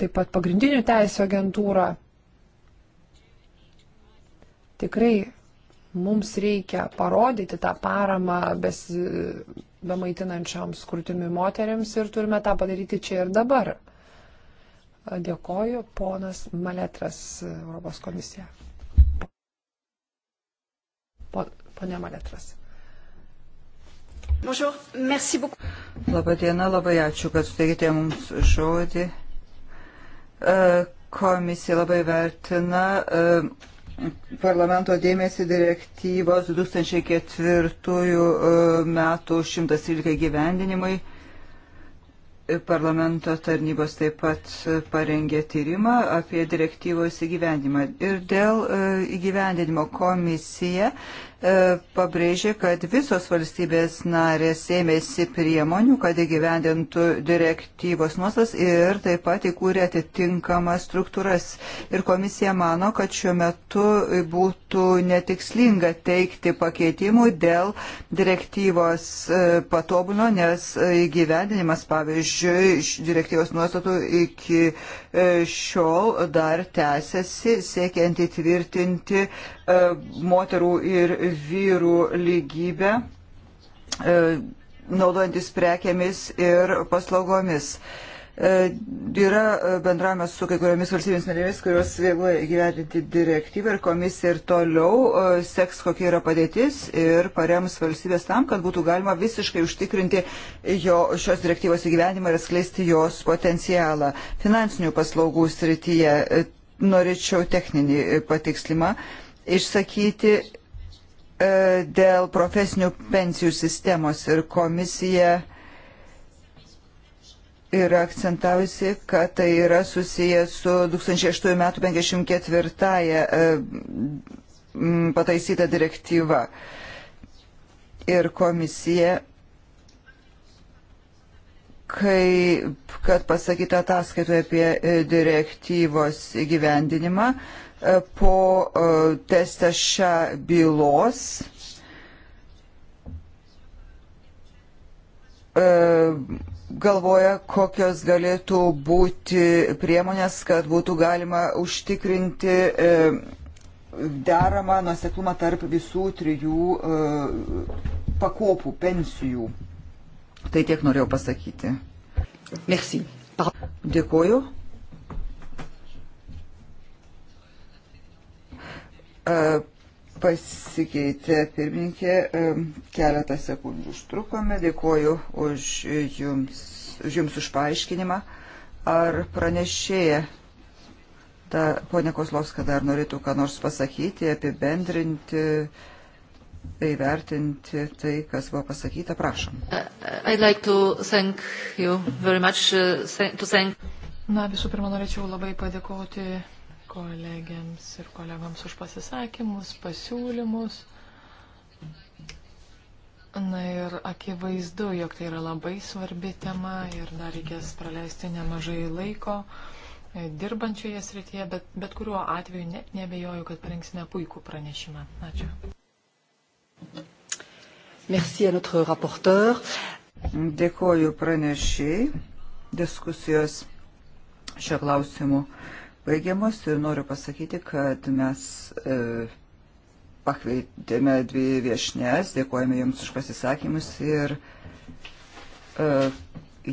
taip pat pagrindinių teisų agentūra. Tikrai mums reikia parodyti tą paramą bes bemaitinančioms krūtimi moteriams ir turime tą padaryti čia ir dabar. Dėkoju, ponas Maletras, Europos komisija. Pone Maletras. Bonjour, merci beaucoup. Labadiena, labai ačiū, kad suteikite mums žodį. E, komisija labai vertina e, parlamento dėmesį direktyvos 2004 e, metų 113 gyvendinimui. Parlamento tarnybos taip pat parengė tyrimą apie direktyvos įgyvendimą. Ir dėl e, įgyvendinimo komisija E, pabrėžė, kad visos valstybės narės ėmėsi priemonių, kad įgyvendintų direktyvos nuostas ir taip pat įkūrė atitinkamas struktūras. Ir komisija mano, kad šiuo metu būtų netikslinga teikti pakeitimų dėl direktyvos e, patobulino, nes įgyvendinimas, pavyzdžiui, direktyvos nuostatų iki e, šiol dar tęsiasi, siekiant įtvirtinti E, moterų ir vyrų lygybę e, naudojantis prekiamis ir paslaugomis. E, yra bendravimas su kai kuriomis valstybėmis narėmis, kurios vėluoja gyvendinti direktyvą ir komisija ir toliau seks, kokia yra padėtis ir parems valstybės tam, kad būtų galima visiškai užtikrinti jo, šios direktyvos įgyvendimą ir atskleisti jos potencialą. Finansinių paslaugų srityje norėčiau techninį patikslimą išsakyti e, dėl profesinių pensijų sistemos ir komisija yra akcentavusi, kad tai yra susijęs su 2008 metų 54 e, pataisyta direktyva. Ir komisija, kai, kad pasakyta ataskaitoje apie e, direktyvos įgyvendinimą, po e, testešą bylos e, galvoja, kokios galėtų būti priemonės, kad būtų galima užtikrinti e, deramą nuseklumą tarp visų trijų pakopų pensijų. Tai tiek norėjau pasakyti. Merci. Dėkuoju. E, pasikeitė pirmininkė, e, keletą sekundžių užtrukome, dėkuoju už jums, už jums už paaiškinimą. Ar pranešėja, ta, ponė Koslovska, dar norėtų ką nors pasakyti, apibendrinti, įvertinti tai, kas buvo pasakyta, prašom. Uh, uh, like uh, thank... Na, visų pirma, norėčiau labai padėkoti kolegiams ir kolegams už pasisakymus, pasiūlymus. Na ir akivaizdu, jog tai yra labai svarbi tema ir dar reikės praleisti nemažai laiko e, dirbančioje srityje, bet, bet kuriuo atveju net nebejoju, kad parengsime puikų pranešimą. Ačiū. Merci à notre rapporteur. Dėkoju pranešiai diskusijos šio klausimu baigiamos ir noriu pasakyti, kad mes e, pakvietėme dvi viešnes, dėkojame jums už pasisakymus ir e,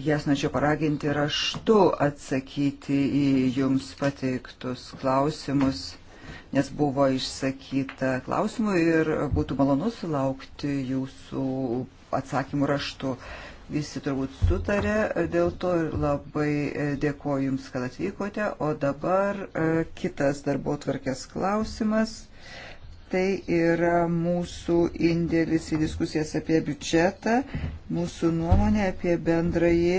jas norėčiau paraginti raštu atsakyti į jums pateiktus klausimus nes buvo išsakyta klausimų ir būtų malonu sulaukti jūsų atsakymų raštu visi turbūt sutarė, dėl to ir labai e, dėkoju Jums, kad atvykote. O dabar e, kitas darbo tvarkės klausimas. Tai yra mūsų indėlis į diskusijas apie biudžetą, mūsų nuomonė apie bendrąjį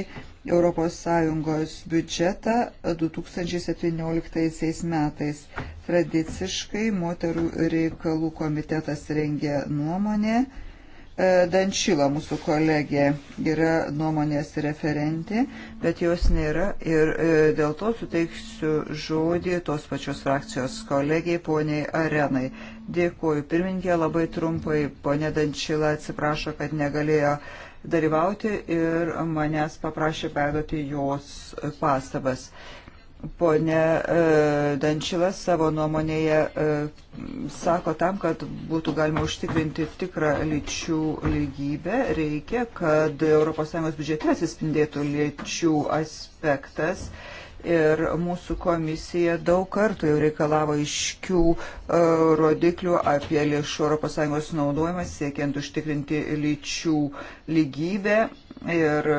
ES biudžetą 2017 metais. Tradiciškai moterų reikalų komitetas rengia nuomonę. E, Dančila, mūsų kolegė, yra nuomonės referentė, bet jos nėra ir e, dėl to suteiksiu žodį tos pačios frakcijos kolegiai, poniai Arenai. Dėkuoju. Pirmininkė labai trumpai, ponė Dančila atsiprašo, kad negalėjo dalyvauti ir manęs paprašė perduoti jos pastabas. Pone e, Dančilas savo nuomonėje e, sako tam, kad būtų galima užtikrinti tikrą lyčių lygybę, reikia, kad ES biudžete atsispindėtų lyčių aspektas. Ir mūsų komisija daug kartų jau reikalavo iškių e, rodiklių apie lėšų ES naudojimą, siekiant užtikrinti lyčių lygybę. Ir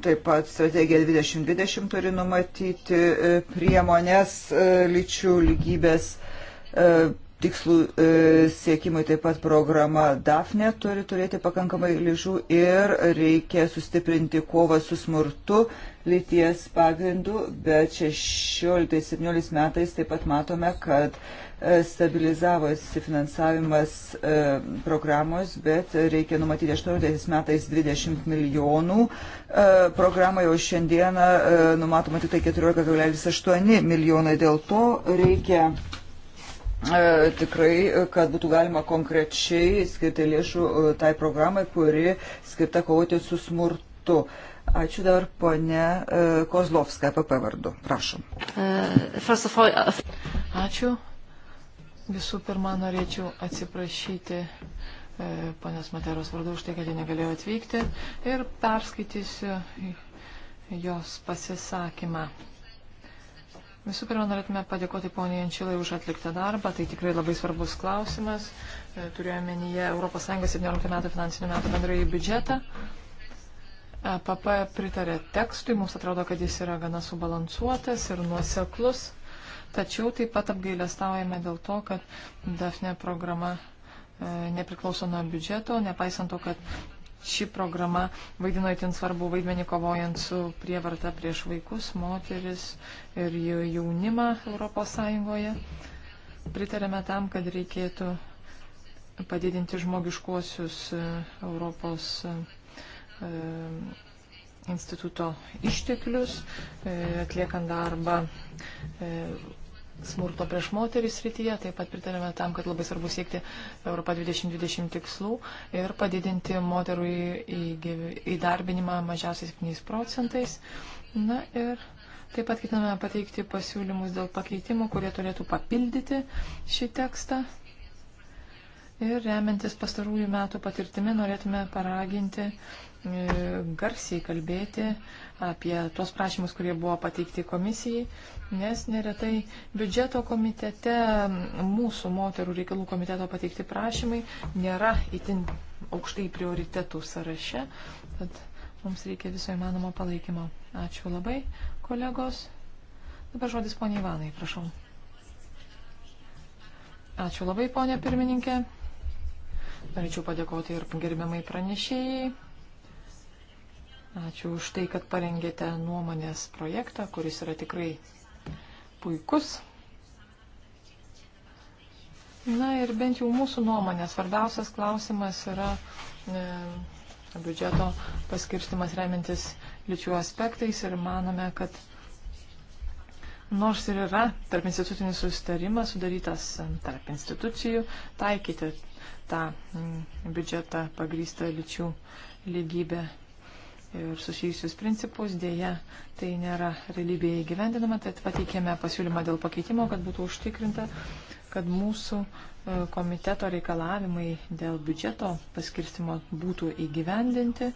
Taip pat strategija 2020 turi numatyti e, priemonės e, lyčių lygybės e, tikslų siekimui, taip pat programa DAFNE turi turėti pakankamai lyžų ir reikia sustiprinti kovą su smurtu lyties pagrindu, bet 16-17 metais taip pat matome, kad stabilizavosi finansavimas e, programos, bet reikia numatyti 18 metais 20 milijonų. E, programai jau šiandieną e, numatoma tik tai 14,8 milijonai. Dėl to reikia e, tikrai, kad būtų galima konkrečiai skirti lėšų e, tai programai, kuri skirta kovoti su smurtu. Ačiū dar ponė e, Kozlovska, PP vardu. Prašom. Uh, all, uh, Ačiū. Visų pirma, norėčiau atsiprašyti e, ponios Materos vardu už tai, kad ji negalėjo atvykti ir perskaitysiu jos pasisakymą. Visų pirma, norėtume padėkoti poniai Ančilai už atliktą darbą. Tai tikrai labai svarbus klausimas. E, Turėjome menyje ES 17 metų finansinių metų bendrąjį biudžetą. EPP pritarė tekstui, mums atrodo, kad jis yra gana subalansuotas ir nuoseklus tačiau taip pat apgailestaujame dėl to, kad DAFNE programa e, nepriklauso nuo biudžeto, nepaisant to, kad ši programa vaidino itin svarbu vaidmenį kovojant su prievarta prieš vaikus, moteris ir jaunimą ES. Pritarėme tam, kad reikėtų padidinti žmogiškuosius e, Europos e, instituto išteklius, atliekant darbą smurto prieš moterį srityje, taip pat pritarėme tam, kad labai svarbu siekti Europą 2020 tikslų ir padidinti moterų įdarbinimą mažiausiai 7 procentais. Na ir taip pat ketiname pateikti pasiūlymus dėl pakeitimų, kurie turėtų papildyti šį tekstą. Ir remiantis pastarųjų metų patirtimi norėtume paraginti e, garsiai kalbėti apie tuos prašymus, kurie buvo pateikti komisijai, nes neretai biudžeto komitete mūsų moterų reikalų komiteto pateikti prašymai nėra itin aukštai prioritetų sąraše, tad mums reikia viso įmanomo palaikymo. Ačiū labai, kolegos. Dabar žodis poniai Ivanai, prašau. Ačiū labai, ponė pirmininkė. Norėčiau padėkoti ir gerbiamai pranešėjai. Ačiū už tai, kad parengėte nuomonės projektą, kuris yra tikrai puikus. Na ir bent jau mūsų nuomonė, svarbiausias klausimas yra e, biudžeto paskirstimas remintis lyčių aspektais ir manome, kad Nors ir yra tarp institucinis sustarimas sudarytas tarp institucijų taikyti tą biudžetą pagrįstą lyčių lygybę ir susijusius principus, dėja tai nėra realybėje įgyvendinama, tad pateikėme pasiūlymą dėl pakeitimo, kad būtų užtikrinta, kad mūsų e, komiteto reikalavimai dėl biudžeto paskirstimo būtų įgyvendinti.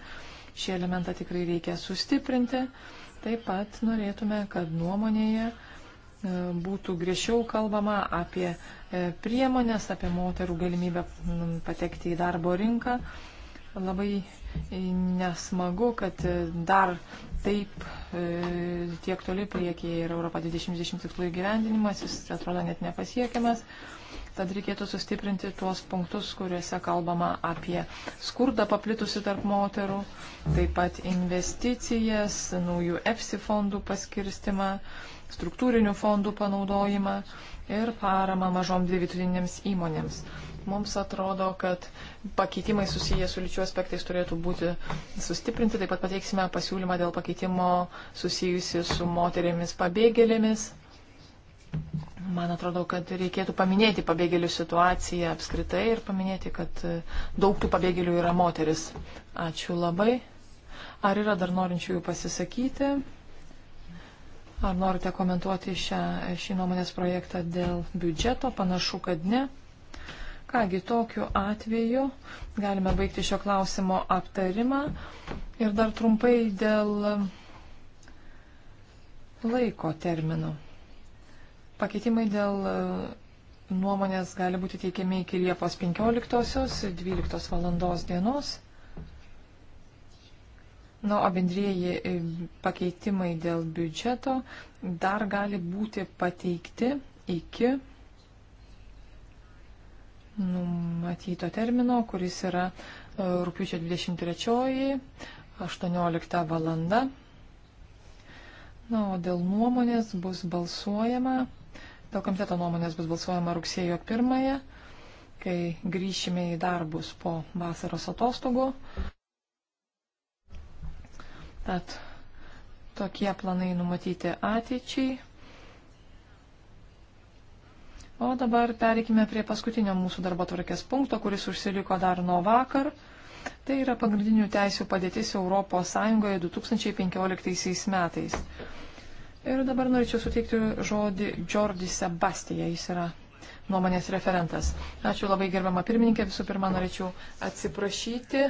Šį elementą tikrai reikia sustiprinti. Taip pat norėtume, kad nuomonėje e, būtų griežčiau kalbama apie e, priemonės, apie moterų galimybę patekti į darbo rinką. Labai nesmagu, kad e, dar taip tiek toli priekyje ir Europa 2020 tikslų įgyvendinimas, jis atrodo net nepasiekiamas. Tad reikėtų sustiprinti tuos punktus, kuriuose kalbama apie skurdą paplitusi tarp moterų, taip pat investicijas, naujų EPSI fondų paskirstimą, struktūrinių fondų panaudojimą ir paramą mažom dvividutinėms įmonėms. Mums atrodo, kad pakeitimai susiję su lyčių aspektais turėtų būti sustiprinti. Taip pat pateiksime pasiūlymą dėl pakeitimo susijusi su moterėmis pabėgėlėmis. Man atrodo, kad reikėtų paminėti pabėgėlių situaciją apskritai ir paminėti, kad e, daug tų pabėgėlių yra moteris. Ačiū labai. Ar yra dar norinčių jų pasisakyti? Ar norite komentuoti šią, šį nuomonės projektą dėl biudžeto? Panašu, kad ne. Kągi, tokiu atveju galime baigti šio klausimo aptarimą. Ir dar trumpai dėl laiko terminų. Pakeitimai dėl e, nuomonės gali būti teikiami iki Liepos 15-12 valandos dienos. Na, o bendrieji e, pakeitimai dėl biudžeto dar gali būti pateikti iki numatyto termino, kuris yra e, rūpiučio 23, 18 valanda. Na, o dėl nuomonės bus balsuojama Dėl komiteto nuomonės bus balsuojama rugsėjo 1, kai grįšime į darbus po vasaros atostogų. Tad tokie planai numatyti ateičiai. O dabar pereikime prie paskutinio mūsų darbo tvarkės punkto, kuris užsiliko dar nuo vakar. Tai yra pagrindinių teisų padėtis ES 2015 metais. Ir dabar norėčiau suteikti žodį Jordi Sebastija. Jis yra nuomonės referentas. Ačiū labai gerbiamą pirmininkę. Visų pirma, norėčiau atsiprašyti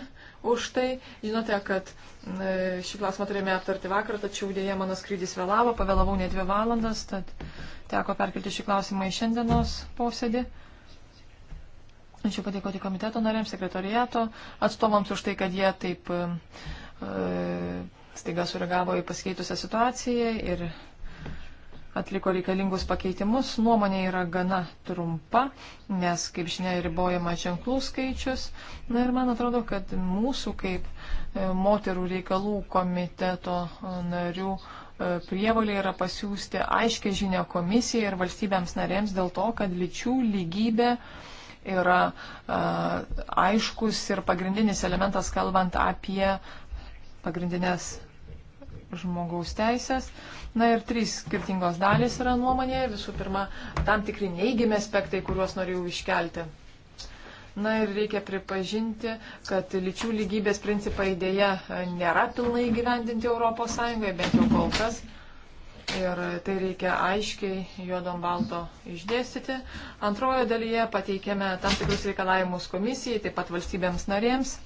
už tai. Žinote, kad e, šį klausimą turėjome aptarti vakar, tačiau dėja mano skrydis vėlavo, pavėlavau ne dvi valandas, tad teko perkelti šį klausimą į šiandienos posėdį. Ačiū padėkoti komiteto nariams, sekretoriato atstovams už tai, kad jie taip e, e staiga sureagavo į pasikeitusią situaciją ir atliko reikalingus pakeitimus. Nuomonė yra gana trumpa, nes, kaip žinia, ribojama ženklų skaičius. Na ir man atrodo, kad mūsų kaip e, moterų reikalų komiteto e, narių e, prievalė yra pasiūsti aiškę žinę komisijai ir valstybėms narėms dėl to, kad lyčių lygybė yra aiškus ir pagrindinis elementas kalbant apie pagrindinės žmogaus teisės. Na ir trys skirtingos dalys yra nuomonėje. Visų pirma, tam tikri neįgimi aspektai, kuriuos norėjau iškelti. Na ir reikia pripažinti, kad lyčių lygybės principai dėja e, nėra pilnai gyvendinti ES, bent jau kol kas. Ir tai reikia aiškiai juodom balto išdėstyti. Antrojo dalyje pateikėme tam tikrus reikalavimus komisijai, taip pat valstybėms narėms.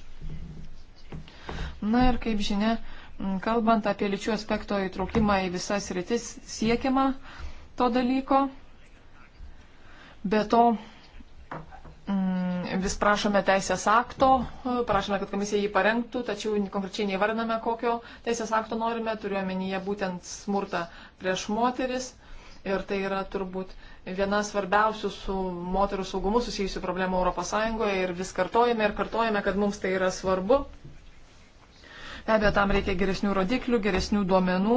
Na ir kaip žinia, Kalbant apie lyčių aspekto įtraukimą į visas rytis, siekiama to dalyko. Be to, mm, vis prašome teisės akto, prašome, kad komisija jį parengtų, tačiau konkrečiai neįvardiname, kokio teisės akto norime, turiuomenyje būtent smurtą prieš moteris. Ir tai yra turbūt viena svarbiausių su moterų saugumu susijusių problemų ES ir vis kartojame ir kartojame, kad mums tai yra svarbu. Be abejo, tam reikia geresnių rodiklių, geresnių duomenų.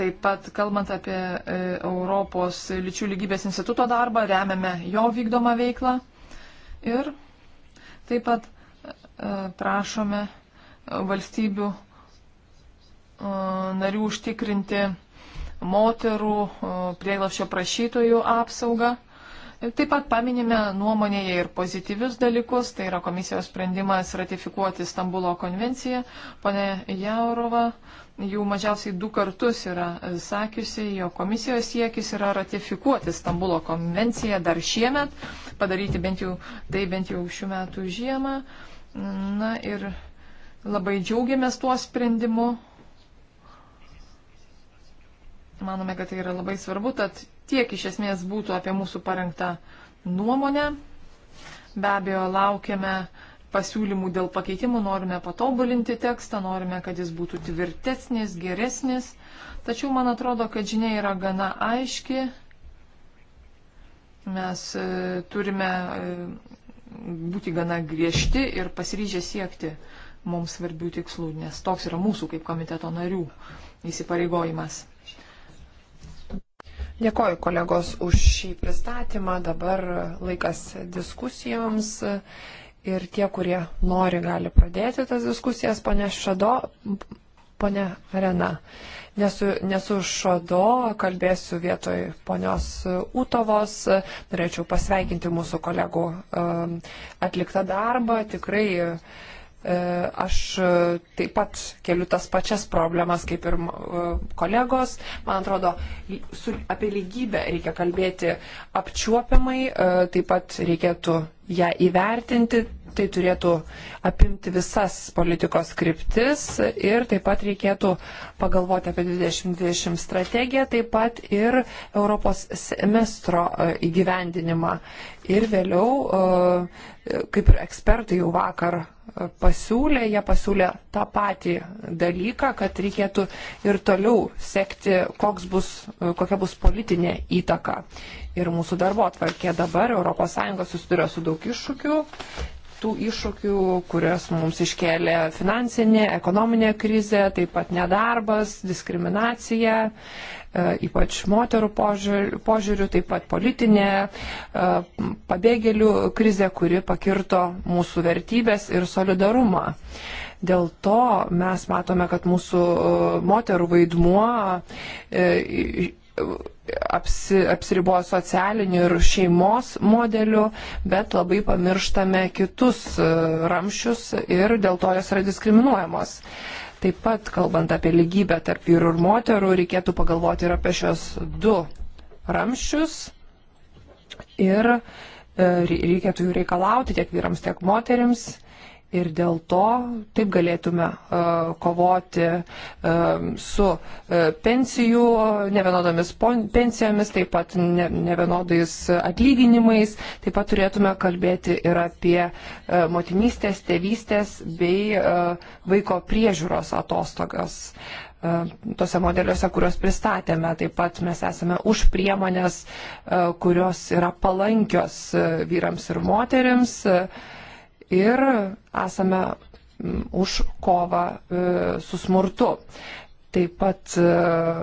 Taip pat, kalbant apie e, Europos lyčių lygybės instituto darbą, remiame jo vykdomą veiklą. Ir taip pat e, prašome valstybių e, narių užtikrinti moterų prieglašio prašytojų apsaugą. Taip pat paminime nuomonėje ir pozityvius dalykus, tai yra komisijos sprendimas ratifikuoti Stambulo konvenciją. Pone Jaurova jau mažiausiai du kartus yra sakiusi, jo komisijos siekis yra ratifikuoti Stambulo konvenciją dar šiemet, padaryti bent jau tai bent jau šių metų žiemą. Na ir labai džiaugiamės tuo sprendimu. Manome, kad tai yra labai svarbu, tad tiek iš esmės būtų apie mūsų parengtą nuomonę. Be abejo, laukiame pasiūlymų dėl pakeitimų, norime patobulinti tekstą, norime, kad jis būtų tvirtesnis, geresnis. Tačiau man atrodo, kad žinia yra gana aiški. Mes e, turime e, būti gana griežti ir pasiryžę siekti mums svarbių tikslų, nes toks yra mūsų kaip komiteto narių įsipareigojimas. Dėkoju kolegos už šį pristatymą. Dabar laikas diskusijoms ir tie, kurie nori, gali pradėti tas diskusijas. Pone Šado, pone Rena, nesu, nesu Šado, kalbėsiu vietoj ponios Utovos. Norėčiau pasveikinti mūsų kolegų um, atliktą darbą. Tikrai. Uh, E, aš e, taip pat keliu tas pačias problemas kaip ir e, kolegos. Man atrodo, su, apie lygybę reikia kalbėti apčiuopiamai, taip pat reikėtų ją įvertinti, tai turėtų apimti visas politikos kryptis ir taip pat reikėtų pagalvoti apie 2020 strategiją, taip pat ir Europos semestro įgyvendinimą. Ir vėliau, kaip ir ekspertai jau vakar pasiūlė, jie pasiūlė tą patį dalyką, kad reikėtų ir toliau sekti, bus, kokia bus politinė įtaka. Ir mūsų darbo atvarkė dabar ES susiduria su daug iššūkių, tų iššūkių, kurias mums iškėlė finansinė, ekonominė krizė, taip pat nedarbas, diskriminacija, e, ypač moterų požiūrių, požiūrių taip pat politinė, e, pabėgėlių krizė, kuri pakirto mūsų vertybės ir solidarumą. Dėl to mes matome, kad mūsų e, moterų vaidmuo apsi, apsiriboja socialiniu ir šeimos modeliu, bet labai pamirštame kitus e, ramšius ir dėl to jos yra diskriminuojamos. Taip pat, kalbant apie lygybę tarp vyrų ir moterų, reikėtų pagalvoti ir apie šios du ramščius ir e, reikėtų jų reikalauti tiek vyrams, tiek moteriams ir dėl to taip galėtume e, kovoti e, su e, pensijų, nevienodomis pensijomis, taip pat nevienodais atlyginimais, taip pat turėtume kalbėti ir apie motinystės, tėvystės bei vaiko priežiūros atostogas. Tose modeliuose, kuriuos pristatėme, taip pat mes esame už priemonės, kurios yra palankios vyrams ir moteriams. Uh, ir esame už kovą e, su smurtu. Taip pat e,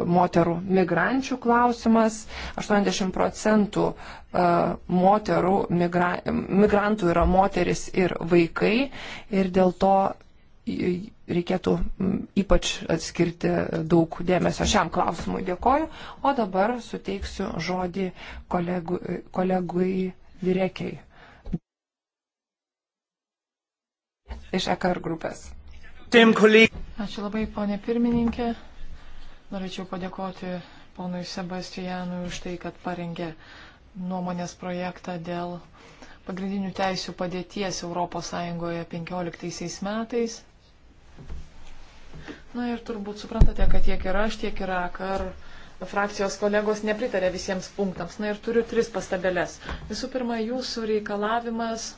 moterų migrančių klausimas. 80 procentų e, moterų migra, migrantų yra moteris ir vaikai ir dėl to reikėtų ypač atskirti daug dėmesio šiam klausimui. Dėkoju. O dabar suteiksiu žodį kolegui, kolegui Virekiai. iš EKR grupės. Ačiū labai, ponė pirmininkė. Norėčiau padėkoti ponui Sebastianui už tai, kad parengė nuomonės projektą dėl pagrindinių teisių padėties ES 15 metais. Na ir turbūt suprantate, kad tiek ir aš, tiek ir AKR frakcijos kolegos nepritarė visiems punktams. Na ir turiu tris pastabelės. Visų pirma, jūsų reikalavimas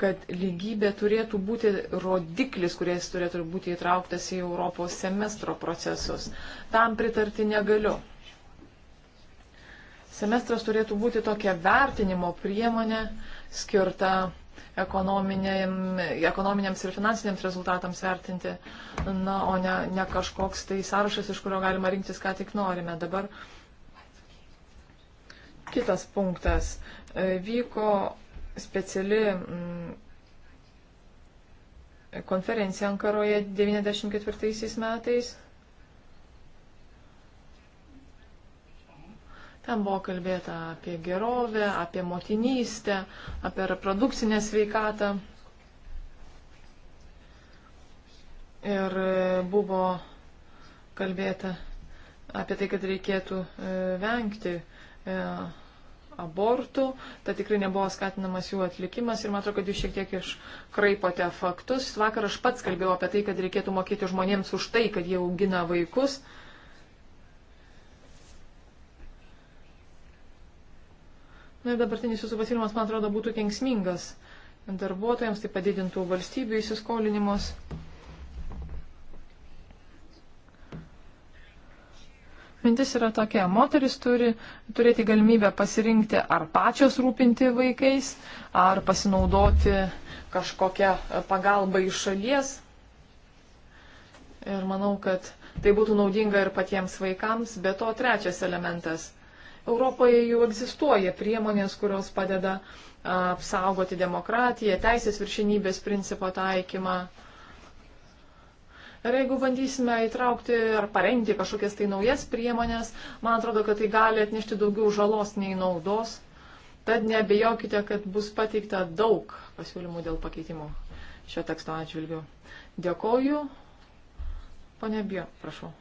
kad lygybė turėtų būti rodiklis, kuris turėtų būti įtrauktas į Europos semestro procesus. Tam pritarti negaliu. Semestras turėtų būti tokia vertinimo priemonė skirta ekonominiams ir finansiniams rezultatams vertinti, na, o ne, ne kažkoks tai sąrašas, iš kurio galima rinktis, ką tik norime. Dabar kitas punktas. Vyko speciali mm, konferencija Ankaroje 94 metais. Ten buvo kalbėta apie gerovę, apie motinystę, apie reprodukcinę sveikatą. Ir e, buvo kalbėta apie tai, kad reikėtų e, vengti e, abortų, tad tikrai nebuvo skatinamas jų atlikimas ir man atrodo, kad jūs šiek tiek iškraipote faktus. Vakar aš pats kalbėjau apie tai, kad reikėtų mokėti žmonėms už tai, kad jie augina vaikus. Na ir dabartinis jūsų pasiūlymas, man atrodo, būtų kengsmingas darbuotojams, tai padidintų valstybių įsiskolinimus. Mintis yra tokia, moteris turi turėti galimybę pasirinkti ar pačios rūpinti vaikais, ar pasinaudoti kažkokią pagalbą iš šalies. Ir manau, kad tai būtų naudinga ir patiems vaikams, bet to trečias elementas. Europoje jau egzistuoja priemonės, kurios padeda apsaugoti demokratiją, teisės viršinybės principo taikymą. Uh, Ir jeigu bandysime įtraukti ar parengti kažkokias tai naujas priemonės, man atrodo, kad tai gali atnešti daugiau žalos nei naudos. Tad nebejokite, kad bus pateikta daug pasiūlymų dėl pakeitimų šio teksto atžvilgiu. Dėkoju. Pane Bio, prašau.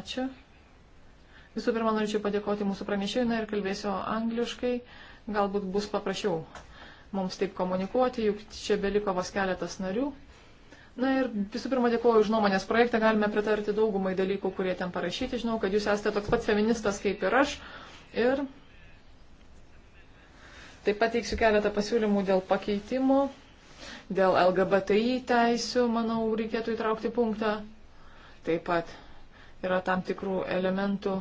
Ačiū. Visų pirma, norėčiau padėkoti mūsų pranešėjui ir kalbėsiu angliškai. Galbūt bus paprasčiau mums taip komunikuoti, juk čia beliko vos keletas narių. Na ir visų pirma dėkuoju už nuomonės projektą, galime pritarti daugumai dalykų, kurie ten parašyti. Žinau, kad jūs esate toks pats feministas kaip ir aš. Ir taip pat teiksiu keletą pasiūlymų dėl pakeitimų, dėl LGBTI teisių, manau, reikėtų įtraukti punktą. Taip pat yra tam tikrų elementų,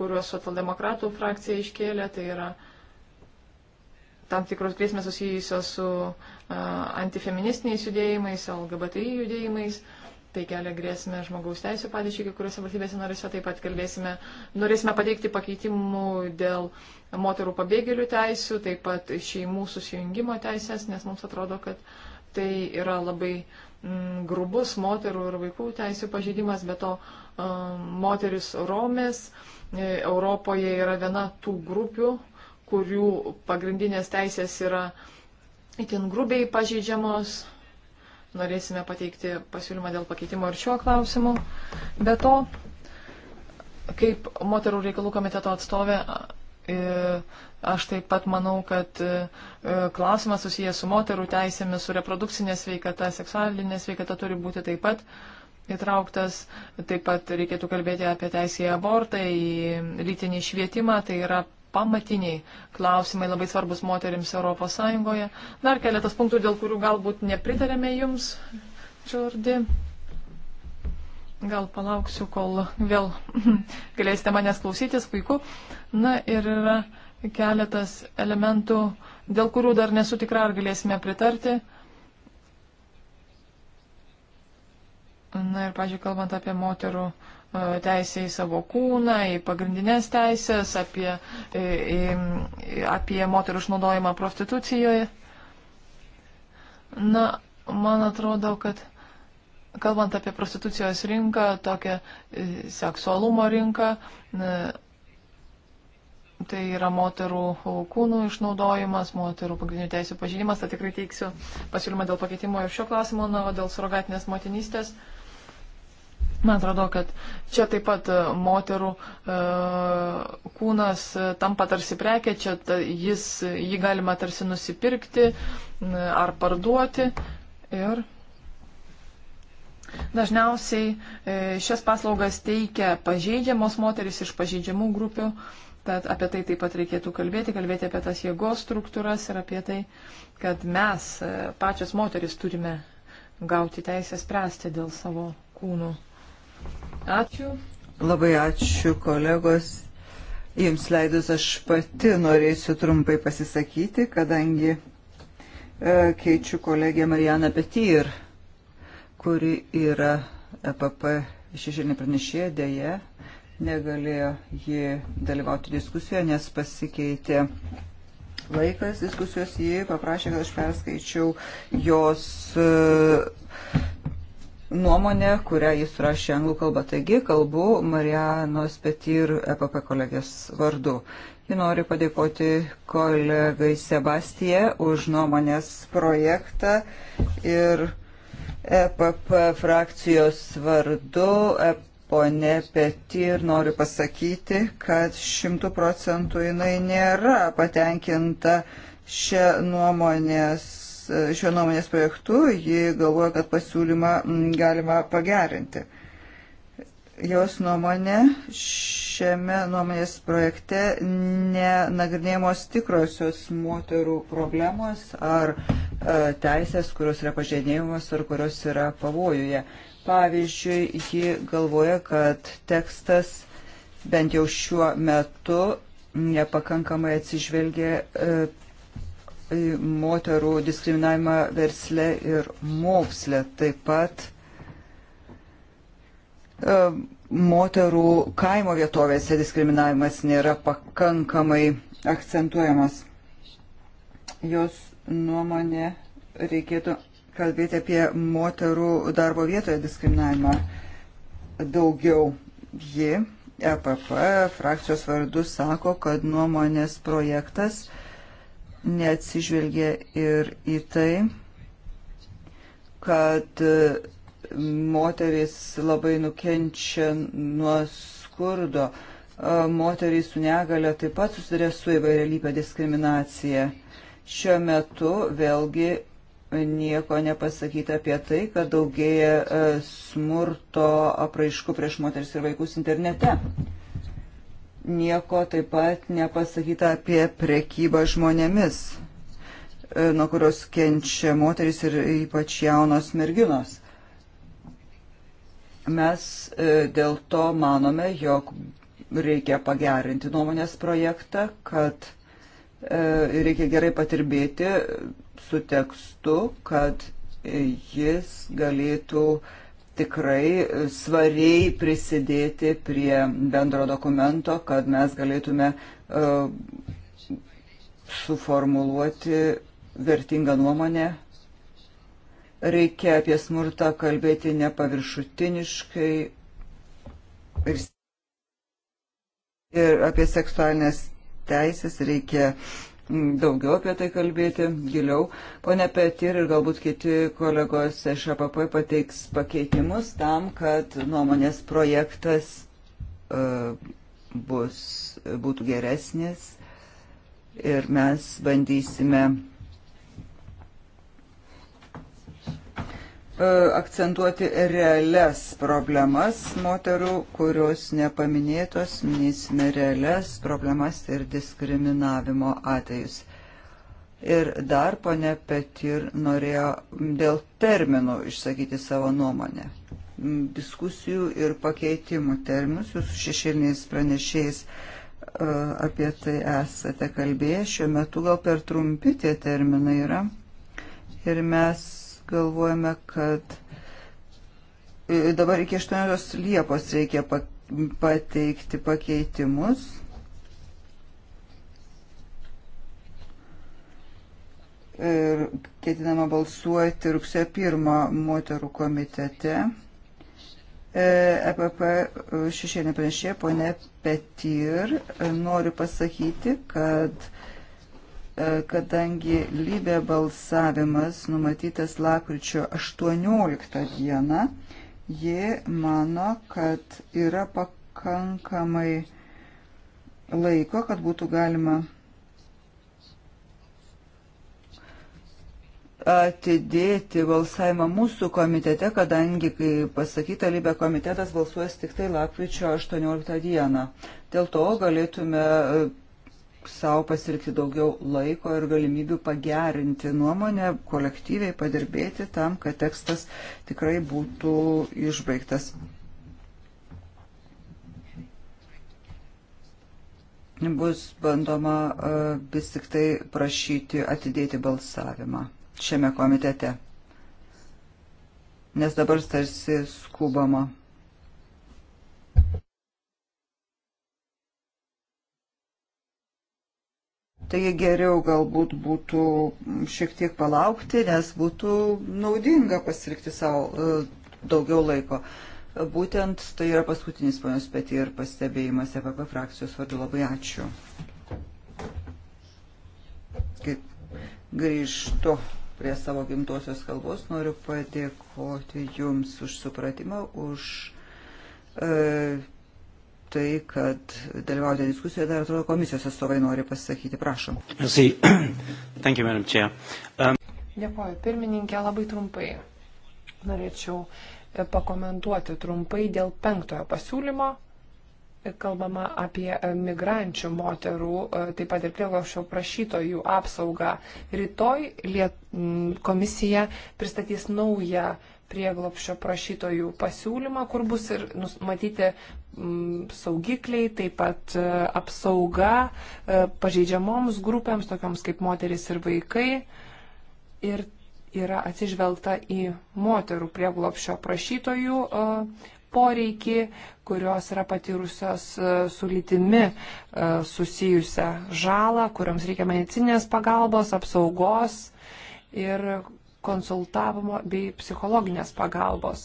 kuriuos socialdemokratų frakcija iškėlė, tai yra tam tikros grėsmės susijusios su antifeministiniais judėjimais, LGBTI judėjimais. Tai kelia grėsmę žmogaus teisų padėčiai, kai kuriuose valstybėse narėse taip pat kalbėsime, norėsime pateikti pakeitimų dėl moterų pabėgėlių teisų, taip pat šeimų susijungimo teisės, nes mums atrodo, kad tai yra labai mm, grubus moterų ir vaikų teisų pažeidimas, bet to mm, moteris Romės e, Europoje yra viena tų grupių, mm, kurių pagrindinės teisės yra itin grubiai pažeidžiamos. Norėsime pateikti pasiūlymą dėl pakeitimo ir šiuo klausimu. Be to, kaip moterų reikalų komiteto atstovė, e, aš taip pat manau, kad e, klausimas susijęs su moterų teisėmis, su reprodukcinė sveikata, seksualinė sveikata turi būti taip pat įtrauktas. Taip pat reikėtų kalbėti apie teisę į abortą, į lytinį švietimą. Tai yra pamatiniai klausimai labai svarbus moteriams ES. Dar keletas punktų, dėl kurių galbūt nepritarėme jums, Džordi. Gal palauksiu, kol vėl galėsite manęs klausytis, puiku. Na ir yra keletas elementų, dėl kurių dar nesu tikra, ar galėsime pritarti. Na ir, pažiūrėjau, kalbant apie moterų uh, teisę į savo kūną, į pagrindinės teisės, apie, e, e, apie moterų išnaudojimą prostitucijoje. Na, man atrodo, kad kalbant apie prostitucijos rinką, tokią e, seksualumo rinką, tai yra moterų kūnų išnaudojimas, moterų pagrindinių teisų pažinimas, tai tikrai teiksiu pasiūlymą dėl pakeitimo ir šio klausimo, na, o dėl surogatinės motinystės. Man atrodo, kad čia taip pat e, moterų e, kūnas e, tampa tarsi prekė, čia ta, jis, jį galima tarsi nusipirkti ar parduoti. Ir dažniausiai e, šias paslaugas teikia pažeidžiamos moteris iš pažeidžiamų grupių. Tad apie tai taip pat reikėtų kalbėti, kalbėti apie tas jėgos struktūras ir apie tai, kad mes, e, pačios moteris, turime gauti teisę spręsti dėl savo kūnų. Ačiū. Labai ačiū, kolegos. Jums leidus aš pati norėsiu trumpai pasisakyti, kadangi e, keičiu kolegę Marijaną Petyr, kuri yra EPP šešėlinė pranešėja, dėje negalėjo ji dalyvauti diskusijoje, nes pasikeitė laikas diskusijos, ji paprašė, kad aš perskaičiau jos e, nuomonę, kurią jis rašė anglų kalbą. Taigi kalbu Marijanos Petir EPP kolegės vardu. Ji nori padėkoti kolegai Sebastija už nuomonės projektą ir EPP frakcijos vardu. EP Pone Petir, noriu pasakyti, kad šimtų procentų jinai nėra patenkinta šią nuomonės E, šiuo nuomonės projektu, ji galvoja, kad pasiūlymą galima pagerinti. Jos nuomonė šiame nuomonės projekte nenagrinėjamos tikrosios moterų problemos ar e, teisės, kurios yra pažeidėjimas ar kurios yra pavojuje. Pavyzdžiui, ji galvoja, kad tekstas bent jau šiuo metu nepakankamai atsižvelgia e, moterų diskriminavimą versle ir moksle. Taip pat e, moterų kaimo vietovėse diskriminavimas nėra pakankamai akcentuojamas. Jos nuomonė reikėtų kalbėti apie moterų darbo vietoje diskriminavimą daugiau. Ji EPP frakcijos vardu sako, kad nuomonės projektas neatsižvelgia ir į tai, kad e, moteris labai nukenčia nuo skurdo. E, moterys su negale taip pat susiduria su įvairialybė diskriminacija. Šiuo metu vėlgi nieko nepasakyta apie tai, kad daugėja e, smurto apraiškų prieš moteris ir vaikus internete nieko taip pat nepasakyta apie prekybą žmonėmis, e, nuo kurios kenčia moteris ir ypač jaunos merginos. Mes e, dėl to manome, jog reikia pagerinti nuomonės projektą, kad e, reikia gerai patirbėti su tekstu, kad jis galėtų uh, tikrai svariai prisidėti prie bendro dokumento, kad mes galėtume uh, suformuluoti vertingą nuomonę. Reikia apie smurtą kalbėti nepaviršutiniškai ir, ir apie seksualinės teisės reikia uh, daugiau apie tai kalbėti, giliau. Pone Petir ir galbūt kiti kolegos iš APP pateiks pakeitimus tam, kad nuomonės projektas uh, bus, būtų geresnis ir mes bandysime E, akcentuoti realias problemas moterų, kurios nepaminėtos, minėsime realias problemas ir diskriminavimo atvejus. Ir dar ponė Petir norėjo dėl terminų išsakyti savo nuomonę. Mm, diskusijų ir pakeitimų terminus jūsų šešėliniais pranešėjais e, apie tai esate kalbėję. Šiuo metu gal per trumpi tie terminai yra. Ir mes galvojame, kad e, dabar iki 8 Liepos reikia pateikti pakeitimus. Ir ketinama balsuoti rugsėjo 1 moterų komitete. EPP e šešėlė pranešė, ponė Petir, noriu pasakyti, kad E, kadangi lybė balsavimas numatytas lapkričio 18 dieną, ji mano, kad yra pakankamai laiko, kad būtų galima atidėti balsavimą mūsų komitete, kadangi, kaip pasakyta, Libė komitetas balsuos tik tai lapkričio 18 dieną. Dėl to galėtume savo pasirinkti daugiau laiko ir galimybių pagerinti nuomonę, kolektyviai padirbėti tam, kad tekstas tikrai būtų išbaigtas. Bus bandoma e, vis tik tai prašyti atidėti balsavimą šiame komitete, nes dabar tarsi skubama. Taigi geriau galbūt būtų šiek tiek palaukti, nes būtų naudinga pasilikti savo e, daugiau laiko. Būtent tai yra paskutinis ponios Petį ir pastebėjimas EPP frakcijos vardu. Labai ačiū. Kaip grįžtu prie savo gimtosios kalbos, noriu padėkoti Jums už supratimą, už. E, tai, kad dalyvaujate diskusijoje, dar atrodo komisijos atstovai nori pasakyti. Prašom. Thank you, Madam Chair. Um... Dėkuoju. Pirmininkė, labai trumpai. Norėčiau e, pakomentuoti trumpai dėl penktojo pasiūlymo. E, kalbama apie e, migrančių moterų, taip pat ir prieglaušio prašytojų apsaugą. Rytoj Liet... komisija pristatys naują uh, prieglopščio prašytojų pasiūlymą, kur bus ir numatyti mm, saugikliai, taip pat e, apsauga e, pažeidžiamoms grupėms, tokioms kaip moteris ir vaikai. Ir yra atsižvelgta į moterų prieglopščio prašytojų e, poreikį, kurios yra patyrusios su lytimi susijusią žalą, kuriams reikia medicinės pagalbos, apsaugos ir konsultavimo bei psichologinės pagalbos.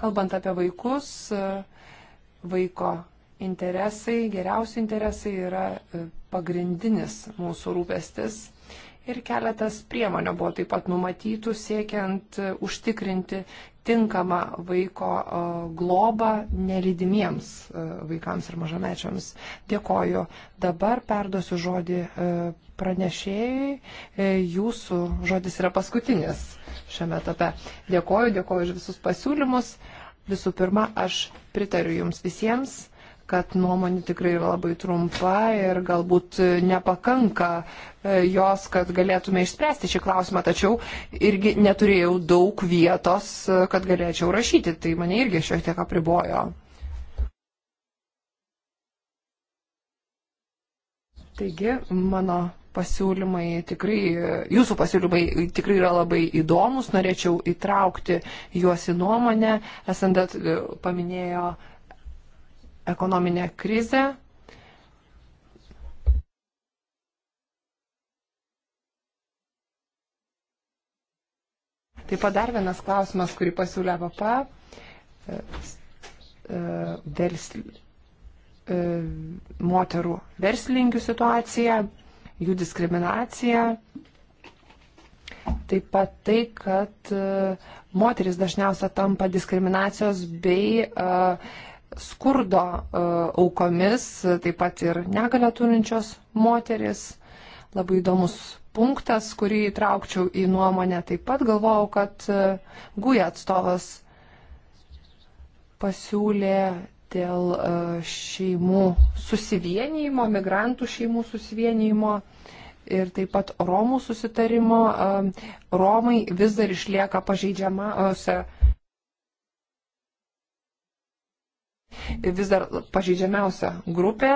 Kalbant apie vaikus, vaiko interesai, geriausi interesai yra e, pagrindinis mūsų rūpestis. Ir keletas priemonių buvo taip pat numatytų siekiant e, užtikrinti tinkamą vaiko globą nelydimiems vaikams ir mažamečiams. Dėkoju. Dabar perduosiu žodį pranešėjai. E, jūsų žodis yra paskutinis šiame etape. Dėkoju, dėkoju už visus pasiūlymus. Visų pirma, aš pritariu jums visiems kad nuomonė tikrai yra labai trumpa ir galbūt e, nepakanka e, jos, kad galėtume išspręsti šį klausimą, tačiau irgi neturėjau daug vietos, e, kad galėčiau rašyti, tai mane irgi šiek tiek apribojo. Taigi, mano pasiūlymai tikrai, jūsų pasiūlymai tikrai yra labai įdomus, norėčiau įtraukti juos į nuomonę. SND paminėjo ekonominę krizę. Taip pat dar vienas klausimas, kurį pasiūlė papa. E, e, Versl... E, moterų verslininkių situacija, jų diskriminacija. Taip pat tai, kad moteris dažniausia tampa diskriminacijos bei uh, skurdo e, aukomis, taip pat ir negalę turinčios moteris. Labai įdomus punktas, kurį įtraukčiau į nuomonę. Taip pat galvojau, kad e, Guja atstovas pasiūlė dėl e, šeimų susivienijimo, migrantų šeimų susivienijimo ir taip pat Romų susitarimo, Romai vis dar išlieka pažeidžiamose vis dar pažeidžiamiausia grupė.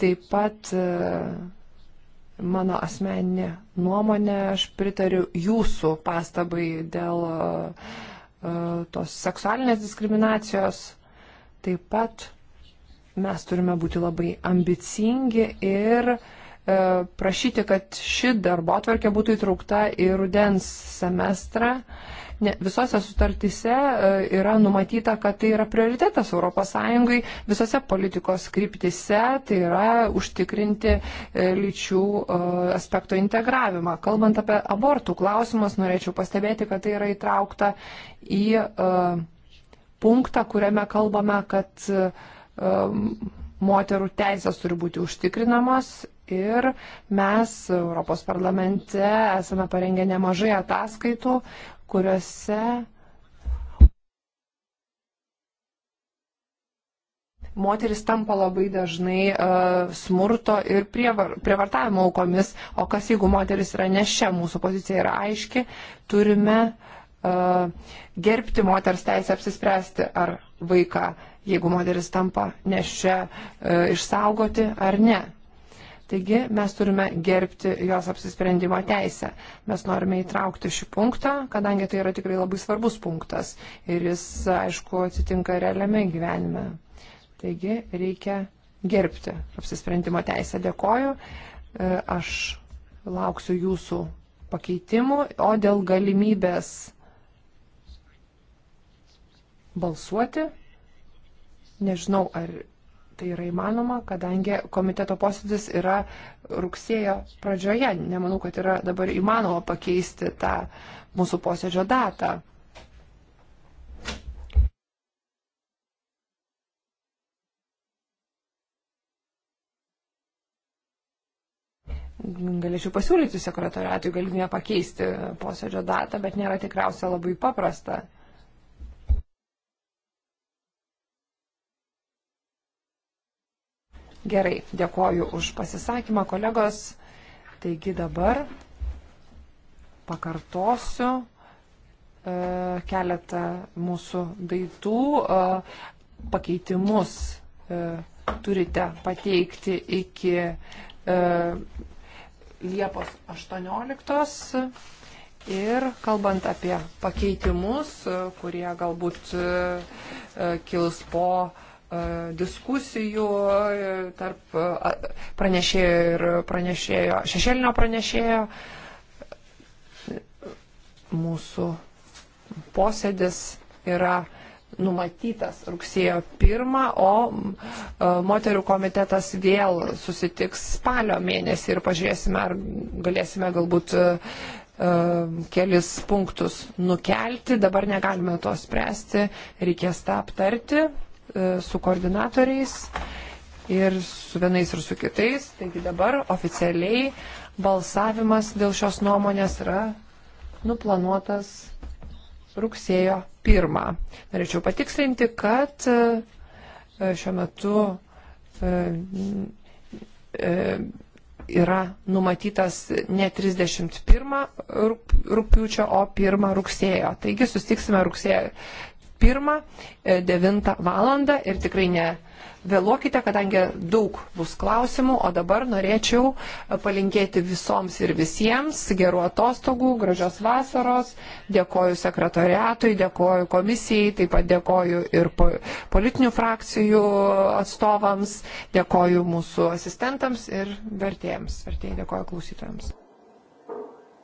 Taip pat e, mano asmeninė nuomonė, aš pritariu jūsų pastabai dėl e, tos seksualinės diskriminacijos. Taip pat mes turime būti labai ambicingi ir e, prašyti, kad ši darbo atvarkė būtų įtraukta į rudens semestrą. Uh, Ne, visose sutartyse e, yra numatyta, kad tai yra prioritetas ES visose politikos kryptise, tai yra užtikrinti e, lyčių e, aspekto integravimą. Kalbant apie abortų klausimus, norėčiau pastebėti, kad tai yra įtraukta į punktą, kuriame kalbame, kad moterų teisės turi būti užtikrinamos ir mes Europos parlamente esame parengę nemažai ataskaitų, kuriuose moteris tampa labai dažnai uh, smurto ir prievar, prievartavimo aukomis, o kas jeigu moteris yra nešia, mūsų pozicija yra aiški, turime uh, gerbti moters teisę apsispręsti ar vaiką, jeigu moteris tampa nešia, uh, e, išsaugoti ar ne. Taigi mes turime gerbti jos apsisprendimo teisę. Mes norime įtraukti šį punktą, kadangi tai yra tikrai labai svarbus punktas ir jis, aišku, atsitinka realiame gyvenime. Taigi reikia gerbti apsisprendimo teisę. Dėkoju. E, aš lauksiu jūsų pakeitimų, o dėl galimybės balsuoti, nežinau, ar tai yra įmanoma, kadangi komiteto posėdis yra rugsėjo pradžioje. Nemanau, kad yra dabar įmanoma pakeisti tą mūsų posėdžio datą. galėčiau pasiūlyti sekretoriatui galimybę pakeisti posėdžio datą, bet nėra tikriausia labai paprasta. Gerai, dėkoju už pasisakymą, kolegos. Taigi dabar pakartosiu e, keletą mūsų daiktų. E, pakeitimus e, turite pateikti iki Liepos 18. Ir kalbant apie pakeitimus, kurie galbūt kils po diskusijų e, tarp pranešėjo ir pranešėjo, šešėlinio pranešėjo. Mūsų posėdis yra numatytas rugsėjo 1, o moterų komitetas vėl susitiks spalio mėnesį ir pažiūrėsime, ar galėsime galbūt kelis punktus nukelti. Dabar negalime to spręsti, reikės tą aptarti. E, su koordinatoriais ir su vienais ir su kitais. Taigi dabar oficialiai balsavimas dėl šios nuomonės yra nuplanuotas rugsėjo 1. Norėčiau patikslinti, kad e, e, šiuo metu yra numatytas ne 31 rūpiučio, o 1 rugsėjo. Taigi sustiksime rugsėjo 9 e, valandą ir tikrai ne vėluokite, kadangi daug bus klausimų, o dabar norėčiau e, palinkėti visoms ir visiems gerų atostogų, gražios vasaros, dėkoju sekretoriatui, dėkoju komisijai, taip pat dėkoju ir politinių frakcijų atstovams, dėkoju mūsų asistentams ir vertėjams. Vertėjai dėkoju klausytojams.